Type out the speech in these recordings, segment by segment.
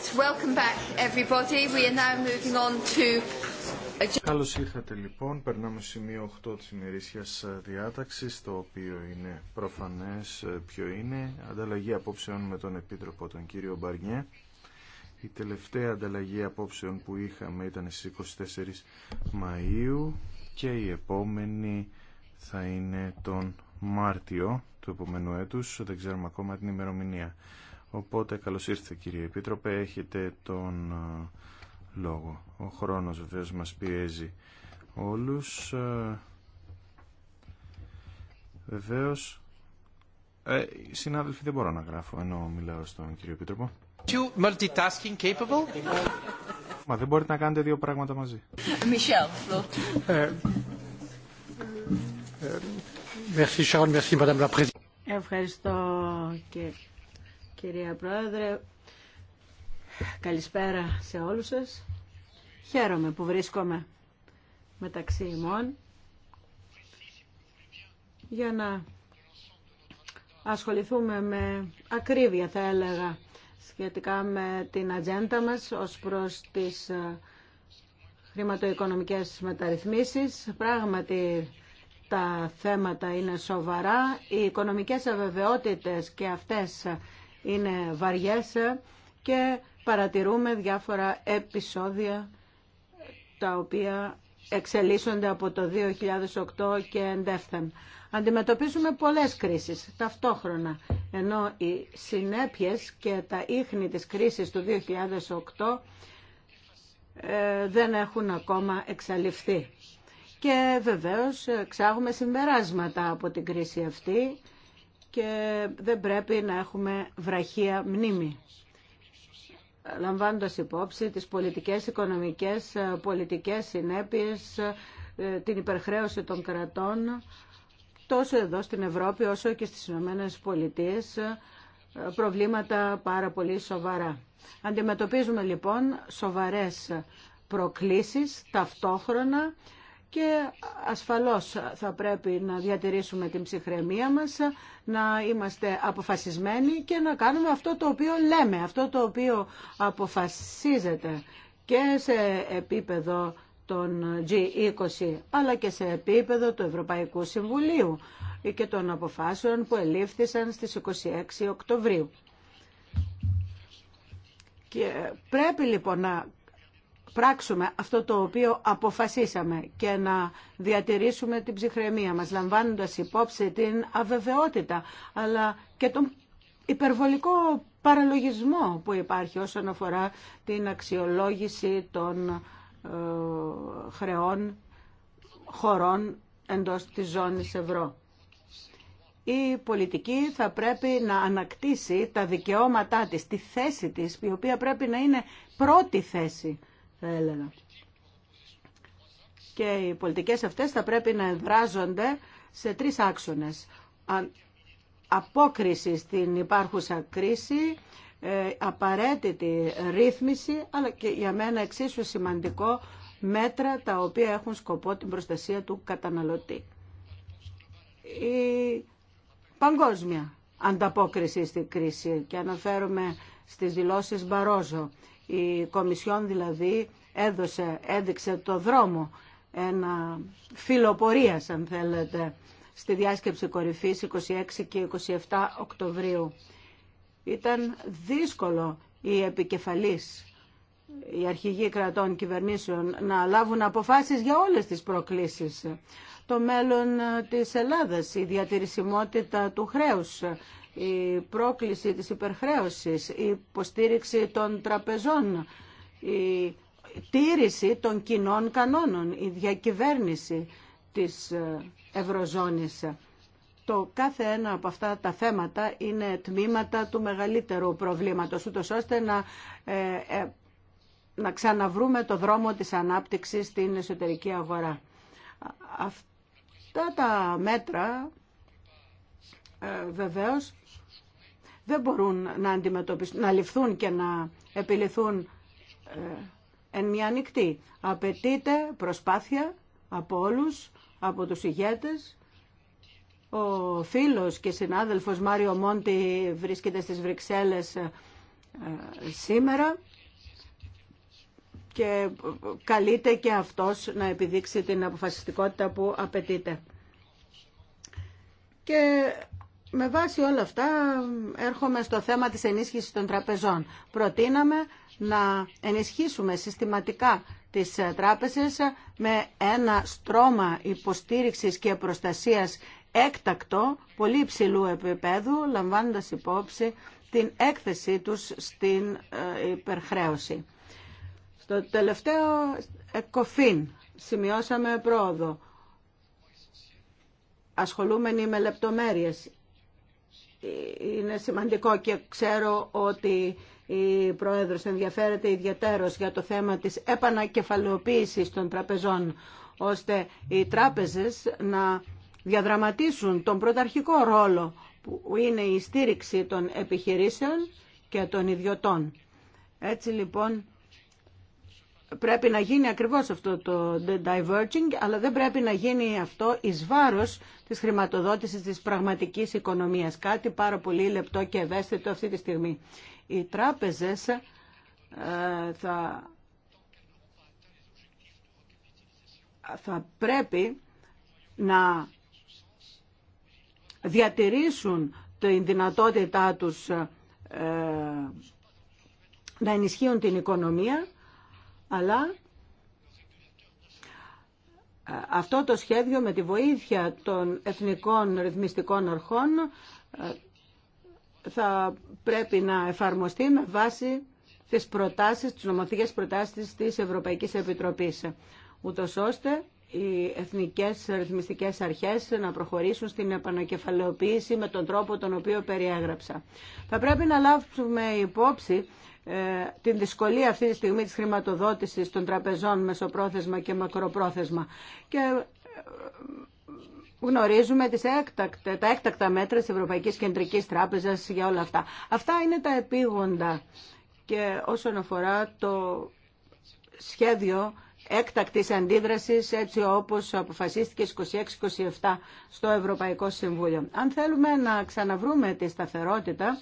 Καλώ welcome back ήρθατε λοιπόν. Περνάμε σημείο 8 τη ημερήσια ε, διάταξη το οποίο είναι προφανέ ε, ποιο είναι. Ανταλλαγή απόψεων με τον Επίτροπο, τον κύριο Μπαρνιέ. Η τελευταία ανταλλαγή απόψεων που είχαμε ήταν στι 24 Μαΐου και η επόμενη θα είναι τον Μάρτιο του επόμενου έτου. Δεν ξέρουμε ακόμα την ημερομηνία. Οπότε καλώς ήρθατε κύριε Επίτροπε, έχετε τον λόγο. Ο χρόνος βεβαίω μας πιέζει όλους. Βεβαίως... Ε, συνάδελφοι, δεν μπορώ να γράφω ενώ μιλάω στον κύριο Επίτροπο. multitasking capable? Μα δεν μπορείτε να κάνετε δύο πράγματα μαζί. Ευχαριστώ και κυρία Πρόεδρε. Καλησπέρα σε όλους σας. Χαίρομαι που βρίσκομαι μεταξύ ημών για να ασχοληθούμε με ακρίβεια θα έλεγα σχετικά με την ατζέντα μας ως προς τις ε, χρηματοοικονομικές μεταρρυθμίσεις. Πράγματι τα θέματα είναι σοβαρά. Οι οικονομικές αβεβαιότητες και αυτές είναι βαριές και παρατηρούμε διάφορα επεισόδια τα οποία εξελίσσονται από το 2008 και εντεύθεν. Αντιμετωπίζουμε πολλές κρίσεις ταυτόχρονα, ενώ οι συνέπειες και τα ίχνη της κρίσης του 2008 ε, δεν έχουν ακόμα εξαλειφθεί. Και βεβαίως εξάγουμε συμπεράσματα από την κρίση αυτή και δεν πρέπει να έχουμε βραχία μνήμη λαμβάνοντας υπόψη τις πολιτικές, οικονομικές, ε, πολιτικές συνέπειες, ε, την υπερχρέωση των κρατών, τόσο εδώ στην Ευρώπη όσο και στις Ηνωμένε Πολιτείε ε, προβλήματα πάρα πολύ σοβαρά. Αντιμετωπίζουμε λοιπόν σοβαρές προκλήσεις ταυτόχρονα και ασφαλώς θα πρέπει να διατηρήσουμε την ψυχραιμία μας, να είμαστε αποφασισμένοι και να κάνουμε αυτό το οποίο λέμε, αυτό το οποίο αποφασίζεται και σε επίπεδο των G20, αλλά και σε επίπεδο του Ευρωπαϊκού Συμβουλίου και των αποφάσεων που ελήφθησαν στις 26 Οκτωβρίου. Και πρέπει λοιπόν να πράξουμε αυτό το οποίο αποφασίσαμε και να διατηρήσουμε την ψυχραιμία μας, λαμβάνοντας υπόψη την αβεβαιότητα, αλλά και τον υπερβολικό παραλογισμό που υπάρχει όσον αφορά την αξιολόγηση των ε, χρεών χωρών εντός της ζώνης ευρώ. Η πολιτική θα πρέπει να ανακτήσει τα δικαιώματά της, τη θέση της, η οποία πρέπει να είναι πρώτη θέση θα έλεγα. Και οι πολιτικές αυτές θα πρέπει να εδράζονται σε τρεις άξονες. Απόκριση στην υπάρχουσα κρίση, ε, απαραίτητη ρύθμιση, αλλά και για μένα εξίσου σημαντικό μέτρα τα οποία έχουν σκοπό την προστασία του καταναλωτή. Η παγκόσμια ανταπόκριση στην κρίση και αναφέρομαι στις δηλώσεις Μπαρόζο η Κομισιόν δηλαδή έδωσε, έδειξε το δρόμο, ένα φιλοπορία αν θέλετε, στη διάσκεψη κορυφής 26 και 27 Οκτωβρίου. Ήταν δύσκολο οι επικεφαλής, οι αρχηγοί κρατών κυβερνήσεων να λάβουν αποφάσεις για όλες τις προκλήσεις. Το μέλλον της Ελλάδας, η διατηρησιμότητα του χρέους, η πρόκληση της υπερχρέωσης, η υποστήριξη των τραπεζών, η τήρηση των κοινών κανόνων, η διακυβέρνηση της ε, Ευρωζώνης. Το κάθε ένα από αυτά τα θέματα είναι τμήματα του μεγαλύτερου προβλήματος, ούτως ώστε να, ε, ε, να ξαναβρούμε το δρόμο της ανάπτυξης στην εσωτερική αγορά. Αυτά τα μέτρα ε, βεβαίως δεν μπορούν να αντιμετωπίσουν, να ληφθούν και να επιληθούν ε, εν μια νυχτή. Απαιτείται προσπάθεια από όλους, από τους ηγέτες. Ο φίλος και συνάδελφος Μάριο Μόντι βρίσκεται στις Βρυξέλλες ε, σήμερα και καλείται και αυτός να επιδείξει την αποφασιστικότητα που απαιτείται. Και με βάση όλα αυτά έρχομαι στο θέμα της ενίσχυσης των τραπεζών. Προτείναμε να ενισχύσουμε συστηματικά τις τράπεζες με ένα στρώμα υποστήριξης και προστασίας έκτακτο, πολύ υψηλού επίπεδου, λαμβάνοντας υπόψη την έκθεσή τους στην ε, υπερχρέωση. Στο τελευταίο κοφίν σημειώσαμε πρόοδο ασχολούμενοι με λεπτομέρειες είναι σημαντικό και ξέρω ότι η Πρόεδρος ενδιαφέρεται ιδιαίτερος για το θέμα της επανακεφαλαιοποίησης των τραπεζών, ώστε οι τράπεζες να διαδραματίσουν τον πρωταρχικό ρόλο που είναι η στήριξη των επιχειρήσεων και των ιδιωτών. Έτσι λοιπόν πρέπει να γίνει ακριβώς αυτό το diverging, αλλά δεν πρέπει να γίνει αυτό εις βάρος της χρηματοδότησης της πραγματικής οικονομίας. Κάτι πάρα πολύ λεπτό και ευαίσθητο αυτή τη στιγμή. Οι τράπεζες ε, θα, θα πρέπει να διατηρήσουν την δυνατότητά τους ε, να ενισχύουν την οικονομία αλλά ε, αυτό το σχέδιο με τη βοήθεια των εθνικών ρυθμιστικών αρχών ε, θα πρέπει να εφαρμοστεί με βάση τις προτάσεις, τις νομοθετικές προτάσεις της Ευρωπαϊκής Επιτροπής, ούτως ώστε οι εθνικές ρυθμιστικές αρχές να προχωρήσουν στην επανακεφαλαιοποίηση με τον τρόπο τον οποίο περιέγραψα. Θα πρέπει να λάβουμε υπόψη ε, την δυσκολία αυτή τη στιγμή της χρηματοδότησης των τραπεζών μεσοπρόθεσμα και μακροπρόθεσμα. Και ε, γνωρίζουμε τις τα έκτακτα μέτρα της Ευρωπαϊκής Κεντρικής Τράπεζας για όλα αυτά. Αυτά είναι τα επίγοντα και όσον αφορά το σχέδιο έκτακτης αντίδρασης έτσι όπως αποφασίστηκε στις 26-27 στο Ευρωπαϊκό Συμβούλιο. Αν θέλουμε να ξαναβρούμε τη σταθερότητα,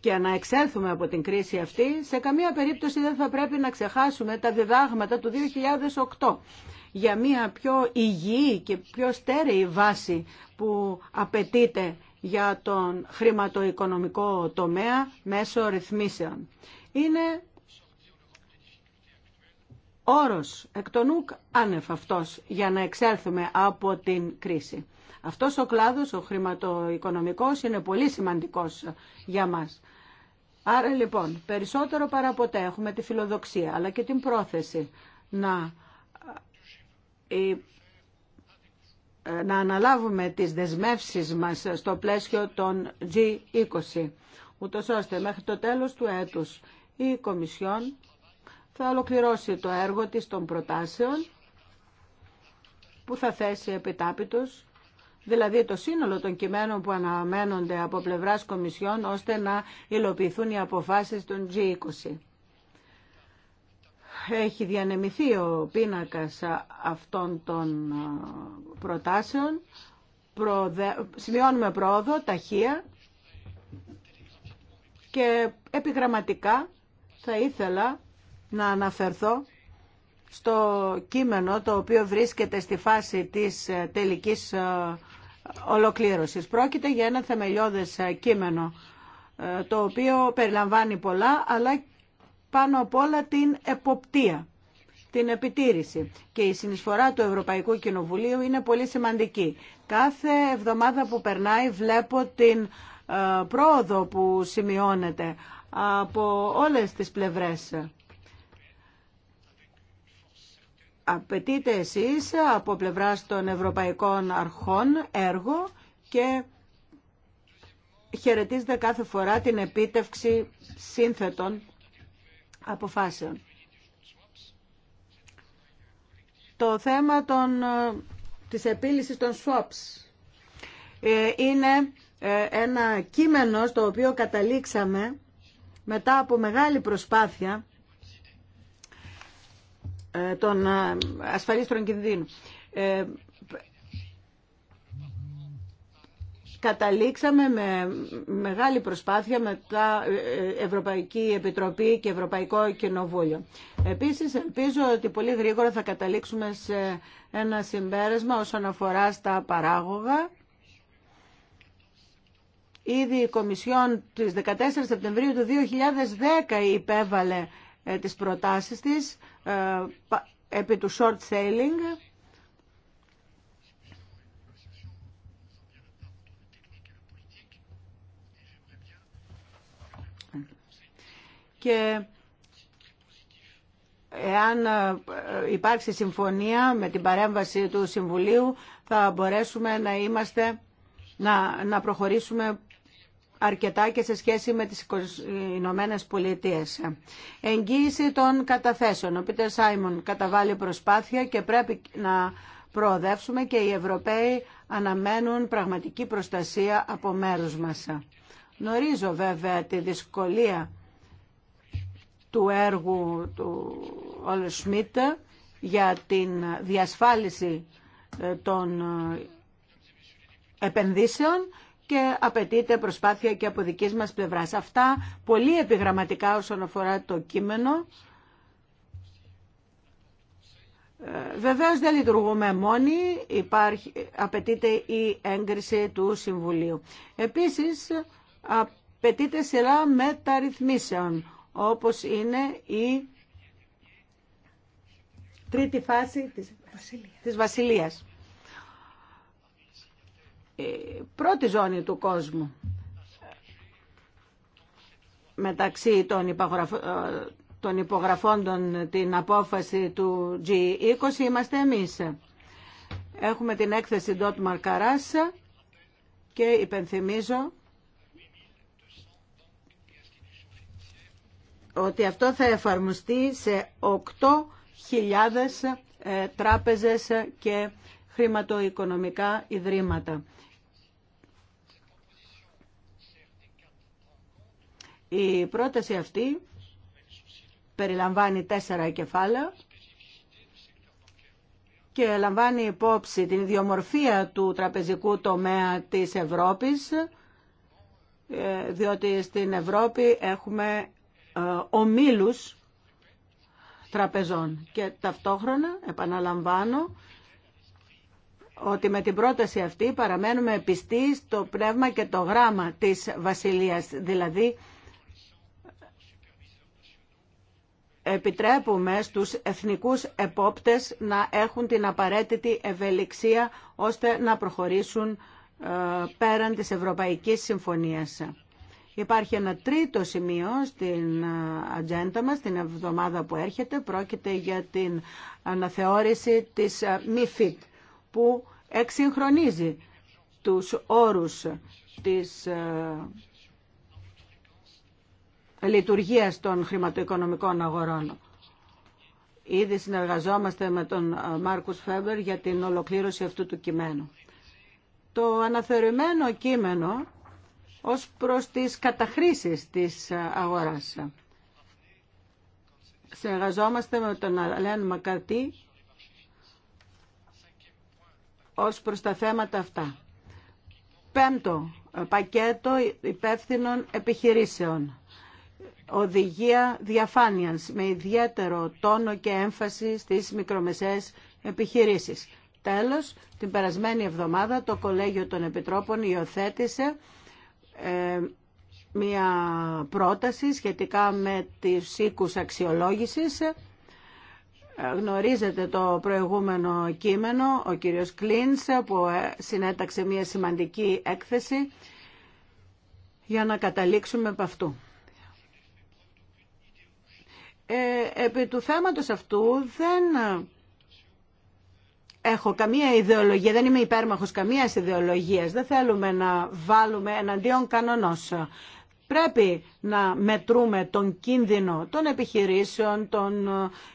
και να εξέλθουμε από την κρίση αυτή, σε καμία περίπτωση δεν θα πρέπει να ξεχάσουμε τα διδάγματα του 2008 για μια πιο υγιή και πιο στέρεη βάση που απαιτείται για τον χρηματοοικονομικό τομέα μέσω ρυθμίσεων. Είναι όρος εκ των ουκ άνευ αυτός για να εξέλθουμε από την κρίση. Αυτός ο κλάδος, ο χρηματοοικονομικός, είναι πολύ σημαντικός για μας. Άρα λοιπόν, περισσότερο παραποτέ έχουμε τη φιλοδοξία αλλά και την πρόθεση να να αναλάβουμε τις δεσμεύσεις μας στο πλαίσιο των G20, ούτως ώστε μέχρι το τέλος του έτους η Κομισιόν θα ολοκληρώσει το έργο της των προτάσεων που θα θέσει επιτάπητος, δηλαδή το σύνολο των κειμένων που αναμένονται από πλευράς Κομισιόν ώστε να υλοποιηθούν οι αποφάσεις των G20 έχει διανεμηθεί ο πίνακας αυτών των προτάσεων. Σημειώνουμε πρόοδο, ταχεία και επιγραμματικά θα ήθελα να αναφερθώ στο κείμενο το οποίο βρίσκεται στη φάση της ε, τελικής ε, ολοκλήρωσης. Πρόκειται για ένα θεμελιώδες ε, κείμενο το οποίο περιλαμβάνει πολλά αλλά πάνω απ' όλα την εποπτεία, την επιτήρηση. Και η συνεισφορά του Ευρωπαϊκού Κοινοβουλίου είναι πολύ σημαντική. Κάθε εβδομάδα που περνάει βλέπω την ε, πρόοδο που σημειώνεται από όλες τις πλευρές. Απαιτείτε εσείς από πλευράς των Ευρωπαϊκών Αρχών έργο και χαιρετίζετε κάθε φορά την επίτευξη σύνθετων αποφάσεων. Το θέμα των, ε, της επίλυσης των swaps ε, είναι ε, ένα κείμενο στο οποίο καταλήξαμε μετά από μεγάλη προσπάθεια των ασφαλίστρων κινδύνων. καταλήξαμε με μεγάλη προσπάθεια με τα ε, ε, Ευρωπαϊκή Επιτροπή και Ευρωπαϊκό Κοινοβούλιο. Επίσης, ελπίζω ότι πολύ γρήγορα θα καταλήξουμε σε ένα συμπέρασμα όσον αφορά στα παράγωγα. Ήδη η Κομισιόν της 14 Σεπτεμβρίου του 2010 υπέβαλε ε, τις προτάσεις της επί του short selling και εάν ε, υπάρξει συμφωνία με την παρέμβαση του Συμβουλίου θα μπορέσουμε να είμαστε να, να προχωρήσουμε αρκετά και σε σχέση με τις Ηνωμένε Πολιτείε. Εγγύηση των καταθέσεων. Ο Πίτερ Σάιμον καταβάλει προσπάθεια και πρέπει να προοδεύσουμε και οι Ευρωπαίοι αναμένουν πραγματική προστασία από μέρους μας. Γνωρίζω βέβαια τη δυσκολία του έργου του Ολσμιτ για την διασφάλιση ε, των ε, επενδύσεων και απαιτείται προσπάθεια και από δική μας πλευράς. Αυτά πολύ επιγραμματικά όσον αφορά το κείμενο. Ε, βεβαίως δεν λειτουργούμε μόνοι, υπάρχει, απαιτείται η έγκριση του Συμβουλίου. Επίσης, απαιτείται σειρά μεταρρυθμίσεων όπως είναι η τρίτη φάση της, της Βασιλείας. Η ε, πρώτη ζώνη του κόσμου μεταξύ των, υπογραφών ε, των υπογραφώντων την απόφαση του G20 είμαστε εμείς. Έχουμε την έκθεση Dot Marcaras και υπενθυμίζω ότι αυτό θα εφαρμοστεί σε 8.000 ε, τράπεζες και χρηματοοικονομικά ιδρύματα. Η πρόταση αυτή περιλαμβάνει τέσσερα κεφάλαια και λαμβάνει υπόψη την ιδιομορφία του τραπεζικού τομέα της Ευρώπης, ε, διότι στην Ευρώπη έχουμε ε, ομίλους τραπεζών. Και ταυτόχρονα, επαναλαμβάνω, ότι με την πρόταση αυτή παραμένουμε πιστοί στο πνεύμα και το γράμμα της Βασιλείας. Δηλαδή, επιτρέπουμε στους εθνικούς επόπτες να έχουν την απαραίτητη ευελιξία ώστε να προχωρήσουν ε, πέραν της Ευρωπαϊκής Συμφωνίας. Υπάρχει ένα τρίτο σημείο στην ατζέντα μας, την εβδομάδα που έρχεται. Πρόκειται για την αναθεώρηση της MIFID που εξυγχρονίζει τους όρους της λειτουργίας των χρηματοοικονομικών αγορών. Ήδη συνεργαζόμαστε με τον Μάρκους Φέμπερ για την ολοκλήρωση αυτού του κειμένου. Το αναθεωρημένο κείμενο ως προς τις καταχρήσεις της αγοράς. Συνεργαζόμαστε με τον Αλέν Μακαρτή ως προς τα θέματα αυτά. Πέμπτο, πακέτο υπεύθυνων επιχειρήσεων. Οδηγία διαφάνειας με ιδιαίτερο τόνο και έμφαση στις μικρομεσαίες επιχειρήσεις. Τέλος, την περασμένη εβδομάδα το Κολέγιο των Επιτρόπων υιοθέτησε ε, μία πρόταση σχετικά με τις οίκους αξιολόγησης. Ε, γνωρίζετε το προηγούμενο κείμενο, ο κύριος Κλίνς που ε, συνέταξε μία σημαντική έκθεση για να καταλήξουμε από αυτού. επί του θέματος αυτού δεν έχω καμία ιδεολογία, δεν είμαι υπέρμαχος καμίας ιδεολογίας. Δεν θέλουμε να βάλουμε εναντίον κανονός. Πρέπει να μετρούμε τον κίνδυνο των επιχειρήσεων, των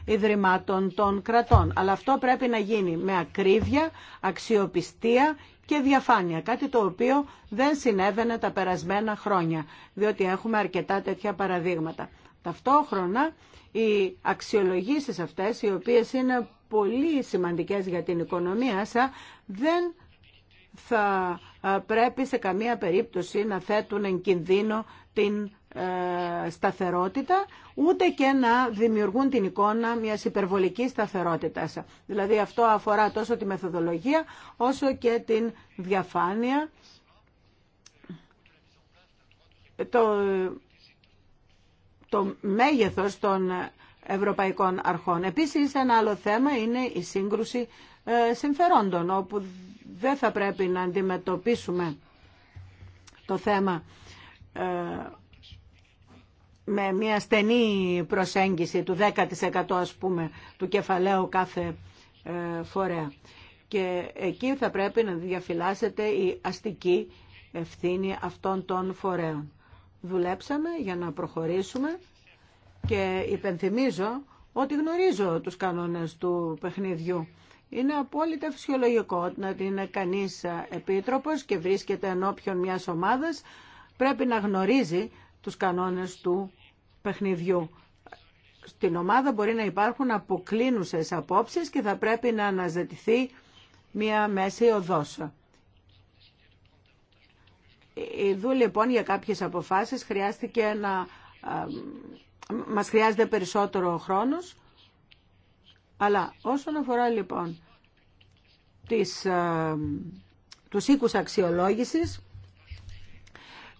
ε, ιδρυμάτων, των κρατών. Αλλά αυτό πρέπει να γίνει με ακρίβεια, αξιοπιστία και διαφάνεια, κάτι το οποίο δεν συνέβαινε τα περασμένα χρόνια, διότι έχουμε αρκετά τέτοια παραδείγματα. Ταυτόχρονα, οι αξιολογήσεις αυτές, οι οποίες είναι πολύ σημαντικές για την οικονομία σας, δεν θα ε, πρέπει σε καμία περίπτωση να θέτουν εν κινδύνο την ε, σταθερότητα, ούτε και να δημιουργούν την εικόνα μιας υπερβολικής σταθερότητας. Δηλαδή αυτό αφορά τόσο τη μεθοδολογία, όσο και την διαφάνεια. Το, το μέγεθος των ευρωπαϊκών αρχών. Επίσης, ένα άλλο θέμα είναι η σύγκρουση ε, συμφερόντων, όπου δεν θα πρέπει να αντιμετωπίσουμε το θέμα ε, με μια στενή προσέγγιση του 10% ας πούμε του κεφαλαίου κάθε ε, φορέα. Και εκεί θα πρέπει να διαφυλάσσεται η αστική ευθύνη αυτών των φορέων. Δουλέψαμε για να προχωρήσουμε και υπενθυμίζω ότι γνωρίζω τους κανόνες του παιχνιδιού. Είναι απόλυτα φυσιολογικό να είναι κανείς επίτροπος και βρίσκεται ενώπιον μιας ομάδας. Πρέπει να γνωρίζει τους κανόνες του παιχνιδιού. Στην ομάδα μπορεί να υπάρχουν αποκλίνουσες απόψεις και θα πρέπει να αναζητηθεί μια μέση οδός. δού λοιπόν για κάποιες αποφάσεις χρειάστηκε να μας χρειάζεται περισσότερο χρόνος. Αλλά όσον αφορά λοιπόν τις, ε, τους οίκους αξιολόγησης,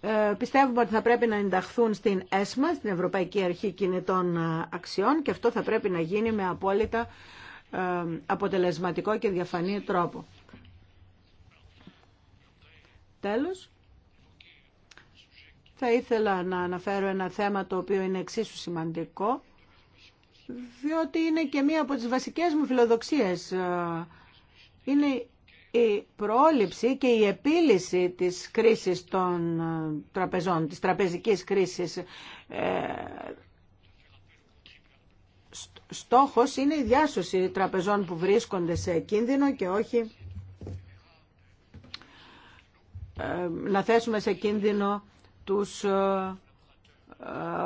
ε, πιστεύουμε ότι θα πρέπει να ενταχθούν στην ΕΣΜΑ, στην Ευρωπαϊκή Αρχή Κινητών ε, Αξιών και αυτό θα πρέπει να γίνει με απόλυτα αποτελεσματικό και διαφανή τρόπο. Τέλος, θα ήθελα να αναφέρω ένα θέμα το οποίο είναι εξίσου σημαντικό, διότι είναι και μία από τις βασικές μου φιλοδοξίες. Είναι η πρόληψη και η επίλυση της κρίσης των ε, τραπεζών, της τραπεζικής κρίσης. Ε, στόχος είναι η διάσωση τραπεζών που βρίσκονται σε κίνδυνο και όχι ε, να θέσουμε σε κίνδυνο τους ε,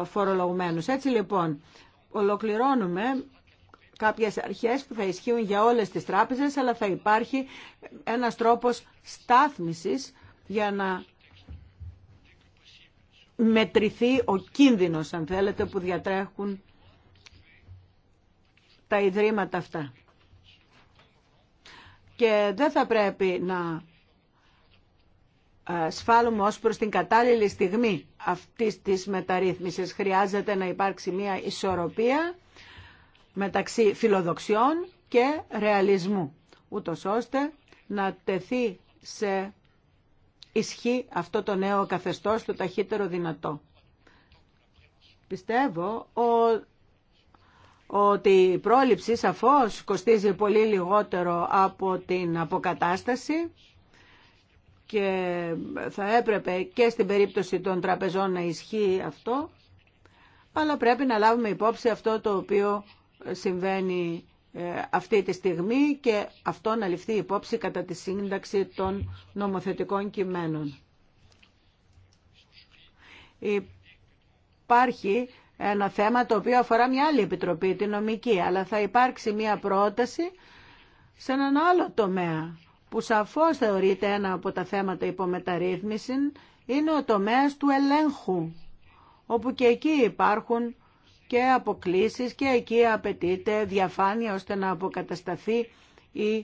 ε, φορολογουμένους. Έτσι λοιπόν, ολοκληρώνουμε κάποιες αρχές που θα ισχύουν για όλες τις τράπεζες, αλλά θα υπάρχει ένας τρόπος στάθμισης για να μετρηθεί ο κίνδυνος, αν θέλετε, που διατρέχουν τα ιδρύματα αυτά. Και δεν θα πρέπει να σφάλουμε ως προς την κατάλληλη στιγμή αυτής της μεταρρύθμισης. Χρειάζεται να υπάρξει μια ισορροπία μεταξύ φιλοδοξιών και ρεαλισμού, ούτω ώστε να τεθεί σε ισχύ αυτό το νέο καθεστώς το ταχύτερο δυνατό. Πιστεύω ότι η πρόληψη σαφώς κοστίζει πολύ λιγότερο από την αποκατάσταση και θα έπρεπε και στην περίπτωση των τραπεζών να ισχύει αυτό, αλλά πρέπει να λάβουμε υπόψη αυτό το οποίο συμβαίνει ε, αυτή τη στιγμή και αυτό να ληφθεί υπόψη κατά τη σύνταξη των νομοθετικών κειμένων. Υπάρχει ένα θέμα το οποίο αφορά μια άλλη επιτροπή, τη νομική, αλλά θα υπάρξει μια πρόταση σε έναν άλλο τομέα που σαφώς θεωρείται ένα από τα θέματα υπομεταρρύθμιση είναι ο τομέας του ελέγχου, όπου και εκεί υπάρχουν και αποκλήσεις και εκεί απαιτείται διαφάνεια ώστε να αποκατασταθεί η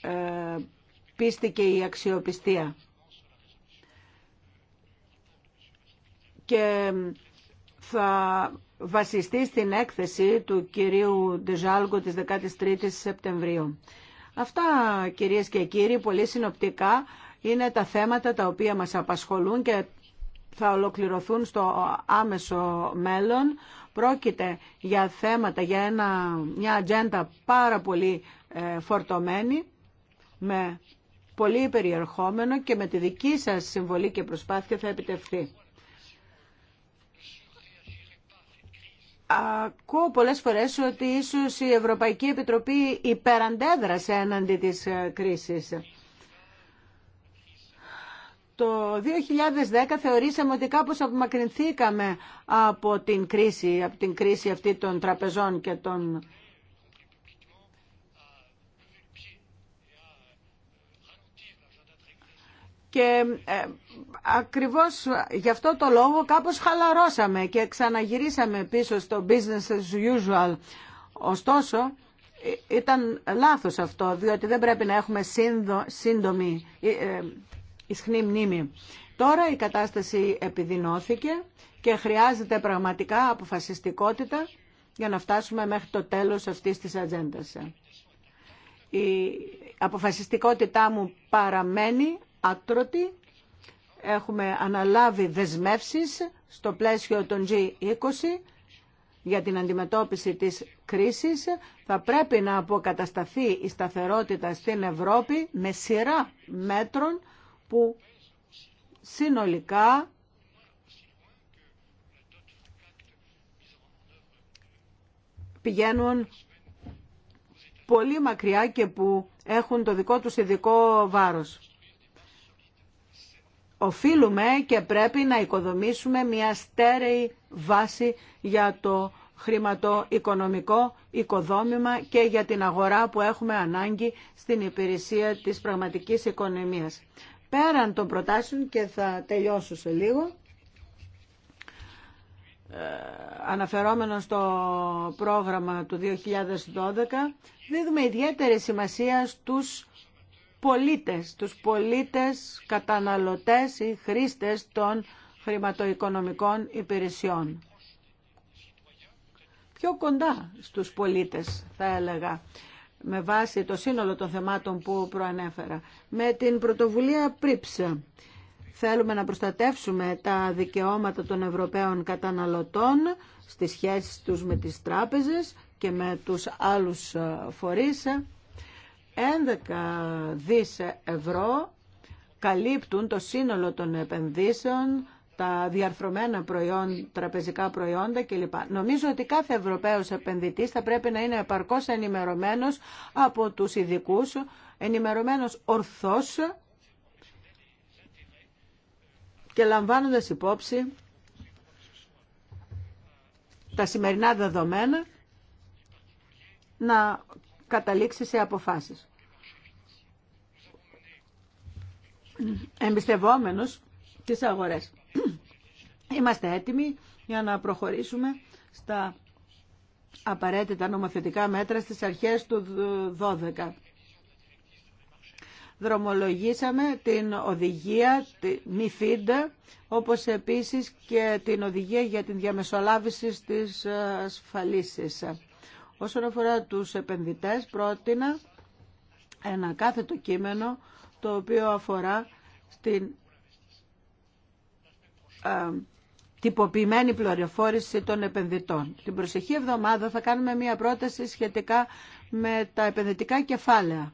ε, πίστη και η αξιοπιστία. Και θα βασιστεί στην έκθεση του κυρίου Ντεζάλγκο της 13ης Σεπτεμβρίου. Αυτά κυρίες και κύριοι πολύ συνοπτικά είναι τα θέματα τα οποία μας απασχολούν και θα ολοκληρωθούν στο άμεσο μέλλον. Πρόκειται για θέματα, για ένα, μια ατζέντα πάρα πολύ ε, φορτωμένη με πολύ περιερχόμενο και με τη δική σας συμβολή και προσπάθεια θα επιτευχθεί. Ακούω πολλές φορές ότι ίσως η Ευρωπαϊκή Επιτροπή υπεραντέδρασε έναντι της ε, κρίσης. Το 2010 θεωρήσαμε ότι κάπως απομακρυνθήκαμε από την κρίση, από την κρίση αυτή των τραπεζών και των και ε, ακριβώς γι' αυτό το λόγο κάπως χαλαρώσαμε και ξαναγυρίσαμε πίσω στο business as usual. Ωστόσο, ε, ήταν λάθος αυτό, διότι δεν πρέπει να έχουμε σύνδο, σύντομη, ε, ε, ισχνή μνήμη. Τώρα η κατάσταση επιδεινώθηκε και χρειάζεται πραγματικά αποφασιστικότητα για να φτάσουμε μέχρι το τέλος αυτής της ατζέντας. Η αποφασιστικότητά μου παραμένει άτρωτοι. Έχουμε αναλάβει δεσμεύσεις στο πλαίσιο των G20 για την αντιμετώπιση της κρίσης. Θα πρέπει να αποκατασταθεί η σταθερότητα στην Ευρώπη με σειρά μέτρων που συνολικά πηγαίνουν πολύ μακριά και που έχουν το δικό τους ειδικό βάρος οφείλουμε και πρέπει να οικοδομήσουμε μια στέρεη βάση για το χρηματοοικονομικό οικοδόμημα και για την αγορά που έχουμε ανάγκη στην υπηρεσία της πραγματικής οικονομίας. Πέραν των προτάσεων και θα τελειώσω σε λίγο, ε, αναφερόμενο στο πρόγραμμα του 2012, δίδουμε ιδιαίτερη σημασία στους πολίτες, τους πολίτες καταναλωτές ή χρήστες των χρηματοοικονομικών υπηρεσιών. Πιο κοντά στους πολίτες θα έλεγα με βάση το σύνολο των θεμάτων που προανέφερα. Με την πρωτοβουλία PRIPS θέλουμε να προστατεύσουμε τα δικαιώματα των Ευρωπαίων καταναλωτών στις σχέσεις τους με τις τράπεζες και με τους άλλους ε, φορείς ε, 11 δις ευρώ καλύπτουν το σύνολο των επενδύσεων, τα διαρθρωμένα προϊόντα, τραπεζικά προϊόντα κλπ. Νομίζω ότι κάθε Ευρωπαίος επενδυτής θα πρέπει να είναι επαρκώς ενημερωμένος από τους ειδικού, ενημερωμένος ορθώς και λαμβάνοντας υπόψη τα σημερινά δεδομένα να καταλήξει σε αποφάσεις. εμπιστευόμενος τις αγορές. Είμαστε έτοιμοι για να προχωρήσουμε στα απαραίτητα νομοθετικά μέτρα στις αρχές του 12. Δρομολογήσαμε την οδηγία τη MIFID, όπως επίσης και την οδηγία για την διαμεσολάβηση στις ασφαλίσεις. Όσον αφορά τους επενδυτές, πρότεινα ένα κάθετο κείμενο το οποίο αφορά στην τυποποιημένη πληροφόρηση των επενδυτών. Την προσεχή εβδομάδα θα κάνουμε μία πρόταση σχετικά με τα επενδυτικά κεφάλαια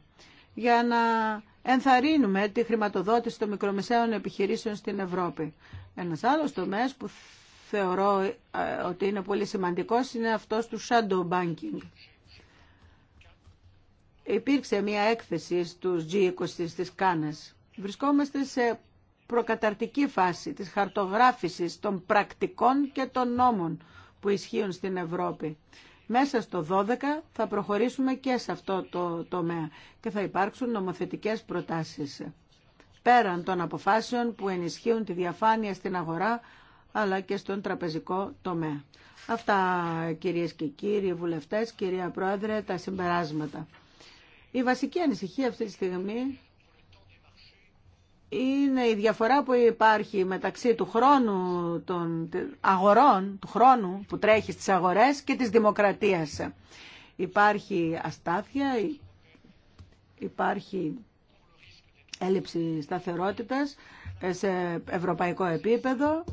για να ενθαρρύνουμε τη χρηματοδότηση των μικρομεσαίων επιχειρήσεων στην Ευρώπη. Ένας άλλος τομέας που θεωρώ ε, ότι είναι πολύ σημαντικός είναι αυτός του shadow banking υπήρξε μια έκθεση στους G20 της Κάνας. Βρισκόμαστε σε προκαταρτική φάση της χαρτογράφησης των πρακτικών και των νόμων που ισχύουν στην Ευρώπη. Μέσα στο 12 θα προχωρήσουμε και σε αυτό το τομέα και θα υπάρξουν νομοθετικές προτάσεις. Πέραν των αποφάσεων που ενισχύουν τη διαφάνεια στην αγορά αλλά και στον τραπεζικό τομέα. Αυτά κυρίες και κύριοι βουλευτές, κυρία Πρόεδρε, τα συμπεράσματα. Η βασική ανησυχία αυτή τη στιγμή είναι η διαφορά που υπάρχει μεταξύ του χρόνου των αγορών, του χρόνου που τρέχει στις αγορές και της δημοκρατίας. Υπάρχει αστάθεια, υπάρχει έλλειψη σταθερότητας σε ευρωπαϊκό επίπεδο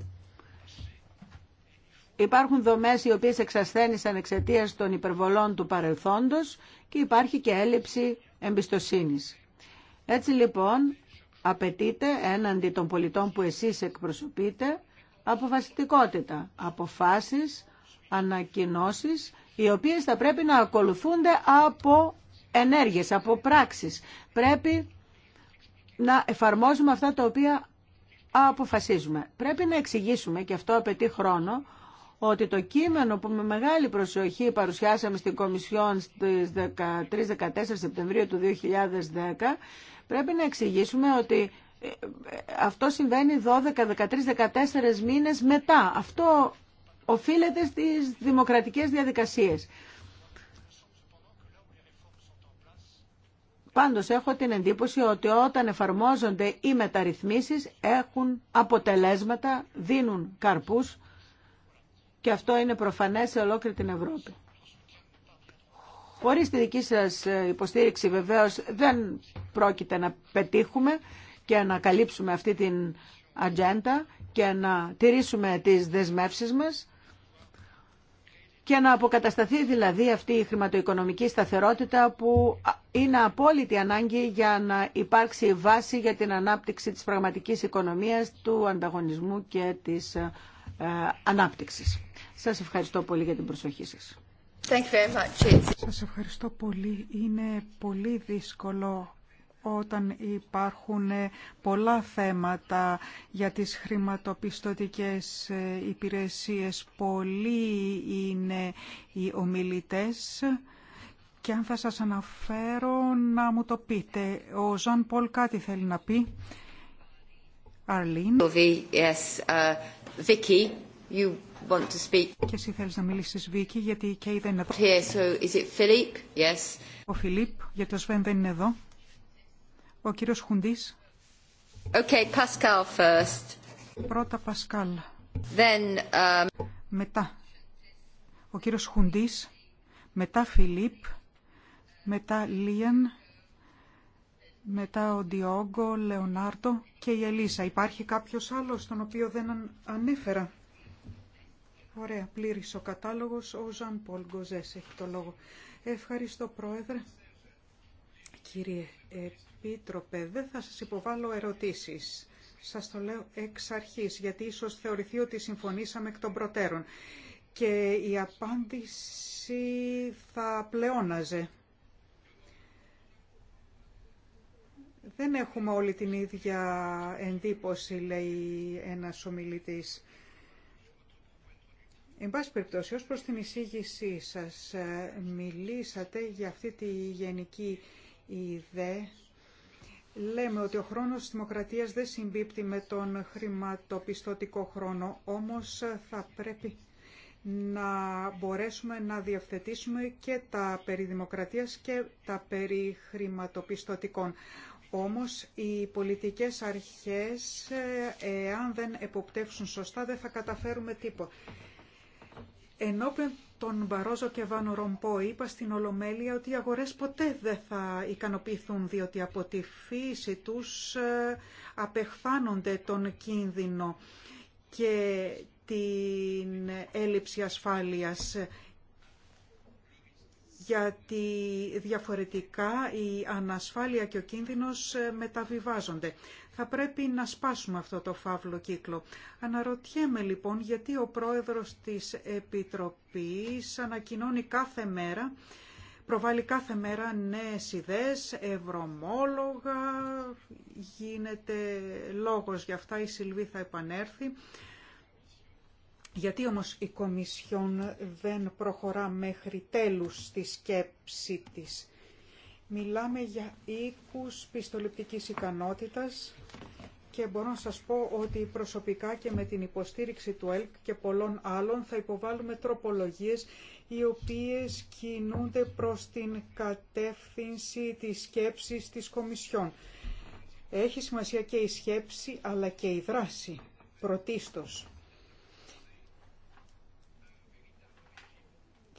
Υπάρχουν δομές οι οποίες εξασθένησαν εξαιτίας των υπερβολών του παρελθόντος και υπάρχει και έλλειψη εμπιστοσύνης. Έτσι λοιπόν απαιτείται έναντι των πολιτών που εσείς εκπροσωπείτε αποφασιστικότητα, αποφάσεις, ανακοινώσεις οι οποίες θα πρέπει να ακολουθούνται από ενέργειες, από πράξεις. Πρέπει να εφαρμόζουμε αυτά τα οποία αποφασίζουμε. Πρέπει να εξηγήσουμε, και αυτό απαιτεί χρόνο, ότι το κείμενο που με μεγάλη προσοχή παρουσιάσαμε στην Κομισιόν στις 13-14 Σεπτεμβρίου του 2010 πρέπει να εξηγήσουμε ότι ε, ε, αυτό συμβαίνει 12, 13, 14 μήνες μετά. Αυτό οφείλεται στις δημοκρατικές διαδικασίες. Πάντως έχω την εντύπωση ότι όταν εφαρμόζονται οι μεταρρυθμίσεις έχουν αποτελέσματα, δίνουν καρπούς και αυτό είναι προφανές σε ολόκληρη την Ευρώπη. Χωρίς τη δική σας ε, υποστήριξη βεβαίως δεν πρόκειται να πετύχουμε και να καλύψουμε αυτή την ατζέντα και να τηρήσουμε τις δεσμεύσεις μας και να αποκατασταθεί δηλαδή αυτή η χρηματοοικονομική σταθερότητα που είναι απόλυτη ανάγκη για να υπάρξει βάση για την ανάπτυξη της πραγματικής οικονομίας, του ανταγωνισμού και της ε, ε ανάπτυξης. Σας ευχαριστώ πολύ για την προσοχή σας. Thank you very much. Σας ευχαριστώ πολύ. Είναι πολύ δύσκολο όταν υπάρχουν πολλά θέματα για τις χρηματοπιστωτικές ε, υπηρεσίες. Πολλοί είναι οι ομιλητές και αν θα σας αναφέρω να μου το πείτε. Ο Ζαν Πολ κάτι θέλει να πει. Αρλίν. Yes, uh, Vicky, you και εσύ θέλεις να μιλήσεις, Βίκη, γιατί η Κέι δεν είναι εδώ. Ο Φιλίπ, γιατί ο Σβέν δεν είναι εδώ. Ο κύριος Χουντής. Okay, Pascal first. Πρώτα Πασκάλ. Then, um, Μετά. Ο κύριος Χουντής. Μετά Φιλίπ. Μετά Λίαν. Μετά ο Διόγκο, Λεωνάρτο και η Ελίσα. Υπάρχει κάποιος άλλος τον οποίο δεν ανέφερα. Ωραία, πλήρης ο κατάλογος. Ο Ζαν Πολ Γκοζές έχει το λόγο. Ευχαριστώ Πρόεδρε. Κύριε Επίτροπε, δεν θα σας υποβάλω ερωτήσεις. Σας το λέω εξ αρχής, γιατί ίσως θεωρηθεί ότι συμφωνήσαμε εκ των προτέρων. Και η απάντηση θα πλεόναζε. Δεν έχουμε όλη την ίδια εντύπωση, λέει ένας ομιλητής. Εν πάση περιπτώσει, ως προς την εισήγησή σας, ε, μιλήσατε για αυτή τη γενική ιδέα. Λέμε ότι ο χρόνος της δημοκρατίας δεν συμπίπτει με τον χρηματοπιστωτικό χρόνο, όμως ε, θα πρέπει να μπορέσουμε να διευθετήσουμε και τα περί και τα περί χρηματοπιστωτικών. Όμως οι πολιτικές αρχές, ε, εάν δεν εποπτεύσουν σωστά, δεν θα καταφέρουμε τίποτα ενώπιον τον Μπαρόζο και Βάνο Ρομπό είπα στην Ολομέλεια ότι οι αγορές ποτέ δεν θα ικανοποιηθούν διότι από τη φύση τους ε, απεχθάνονται τον κίνδυνο και την έλλειψη ασφάλειας γιατί διαφορετικά η ανασφάλεια και ο κίνδυνος ε, μεταβιβάζονται. Θα πρέπει να σπάσουμε αυτό το φαύλο κύκλο. Αναρωτιέμαι λοιπόν γιατί ο πρόεδρος της Επιτροπής ανακοινώνει κάθε μέρα προβάλλει κάθε μέρα νέες ιδέες, ευρωμόλογα, γίνεται λόγος για αυτά, η Σιλβή θα επανέρθει. Γιατί όμως η Κομισιόν δεν προχωρά μέχρι τέλους στη σκέψη της. Μιλάμε για οίκους πιστοληπτικής ικανότητας και μπορώ να σας πω ότι προσωπικά και με την υποστήριξη του ΕΛΚ και πολλών άλλων θα υποβάλουμε τροπολογίες οι οποίες κινούνται προς την κατεύθυνση της σκέψης της Κομισιόν. Έχει σημασία και η σκέψη αλλά και η δράση πρωτίστως.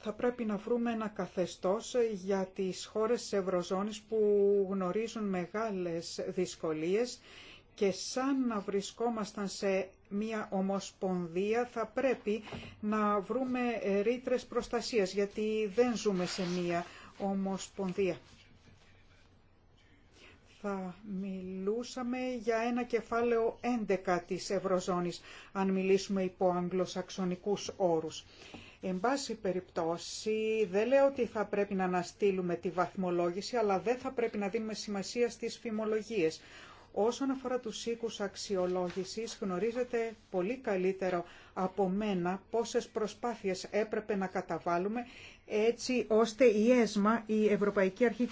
θα πρέπει να βρούμε ένα καθεστώς για τις χώρες της Ευρωζώνης που γνωρίζουν μεγάλες δυσκολίες και σαν να βρισκόμασταν σε μια ομοσπονδία θα πρέπει να βρούμε ρήτρες προστασίας γιατί δεν ζούμε σε μια ομοσπονδία. Θα μιλούσαμε για ένα κεφάλαιο 11 της Ευρωζώνης αν μιλήσουμε υπό αγγλοσαξονικούς όρους. Εν πάση περιπτώσει, δεν λέω ότι θα πρέπει να αναστείλουμε τη βαθμολόγηση, αλλά δεν θα πρέπει να δίνουμε σημασία στις φημολογίες. Όσον αφορά τους οίκους αξιολόγησης, γνωρίζετε πολύ καλύτερο από μένα πόσες προσπάθειες έπρεπε να καταβάλουμε, έτσι ώστε η ΕΣΜΑ, η Ευρωπαϊκή Αρχή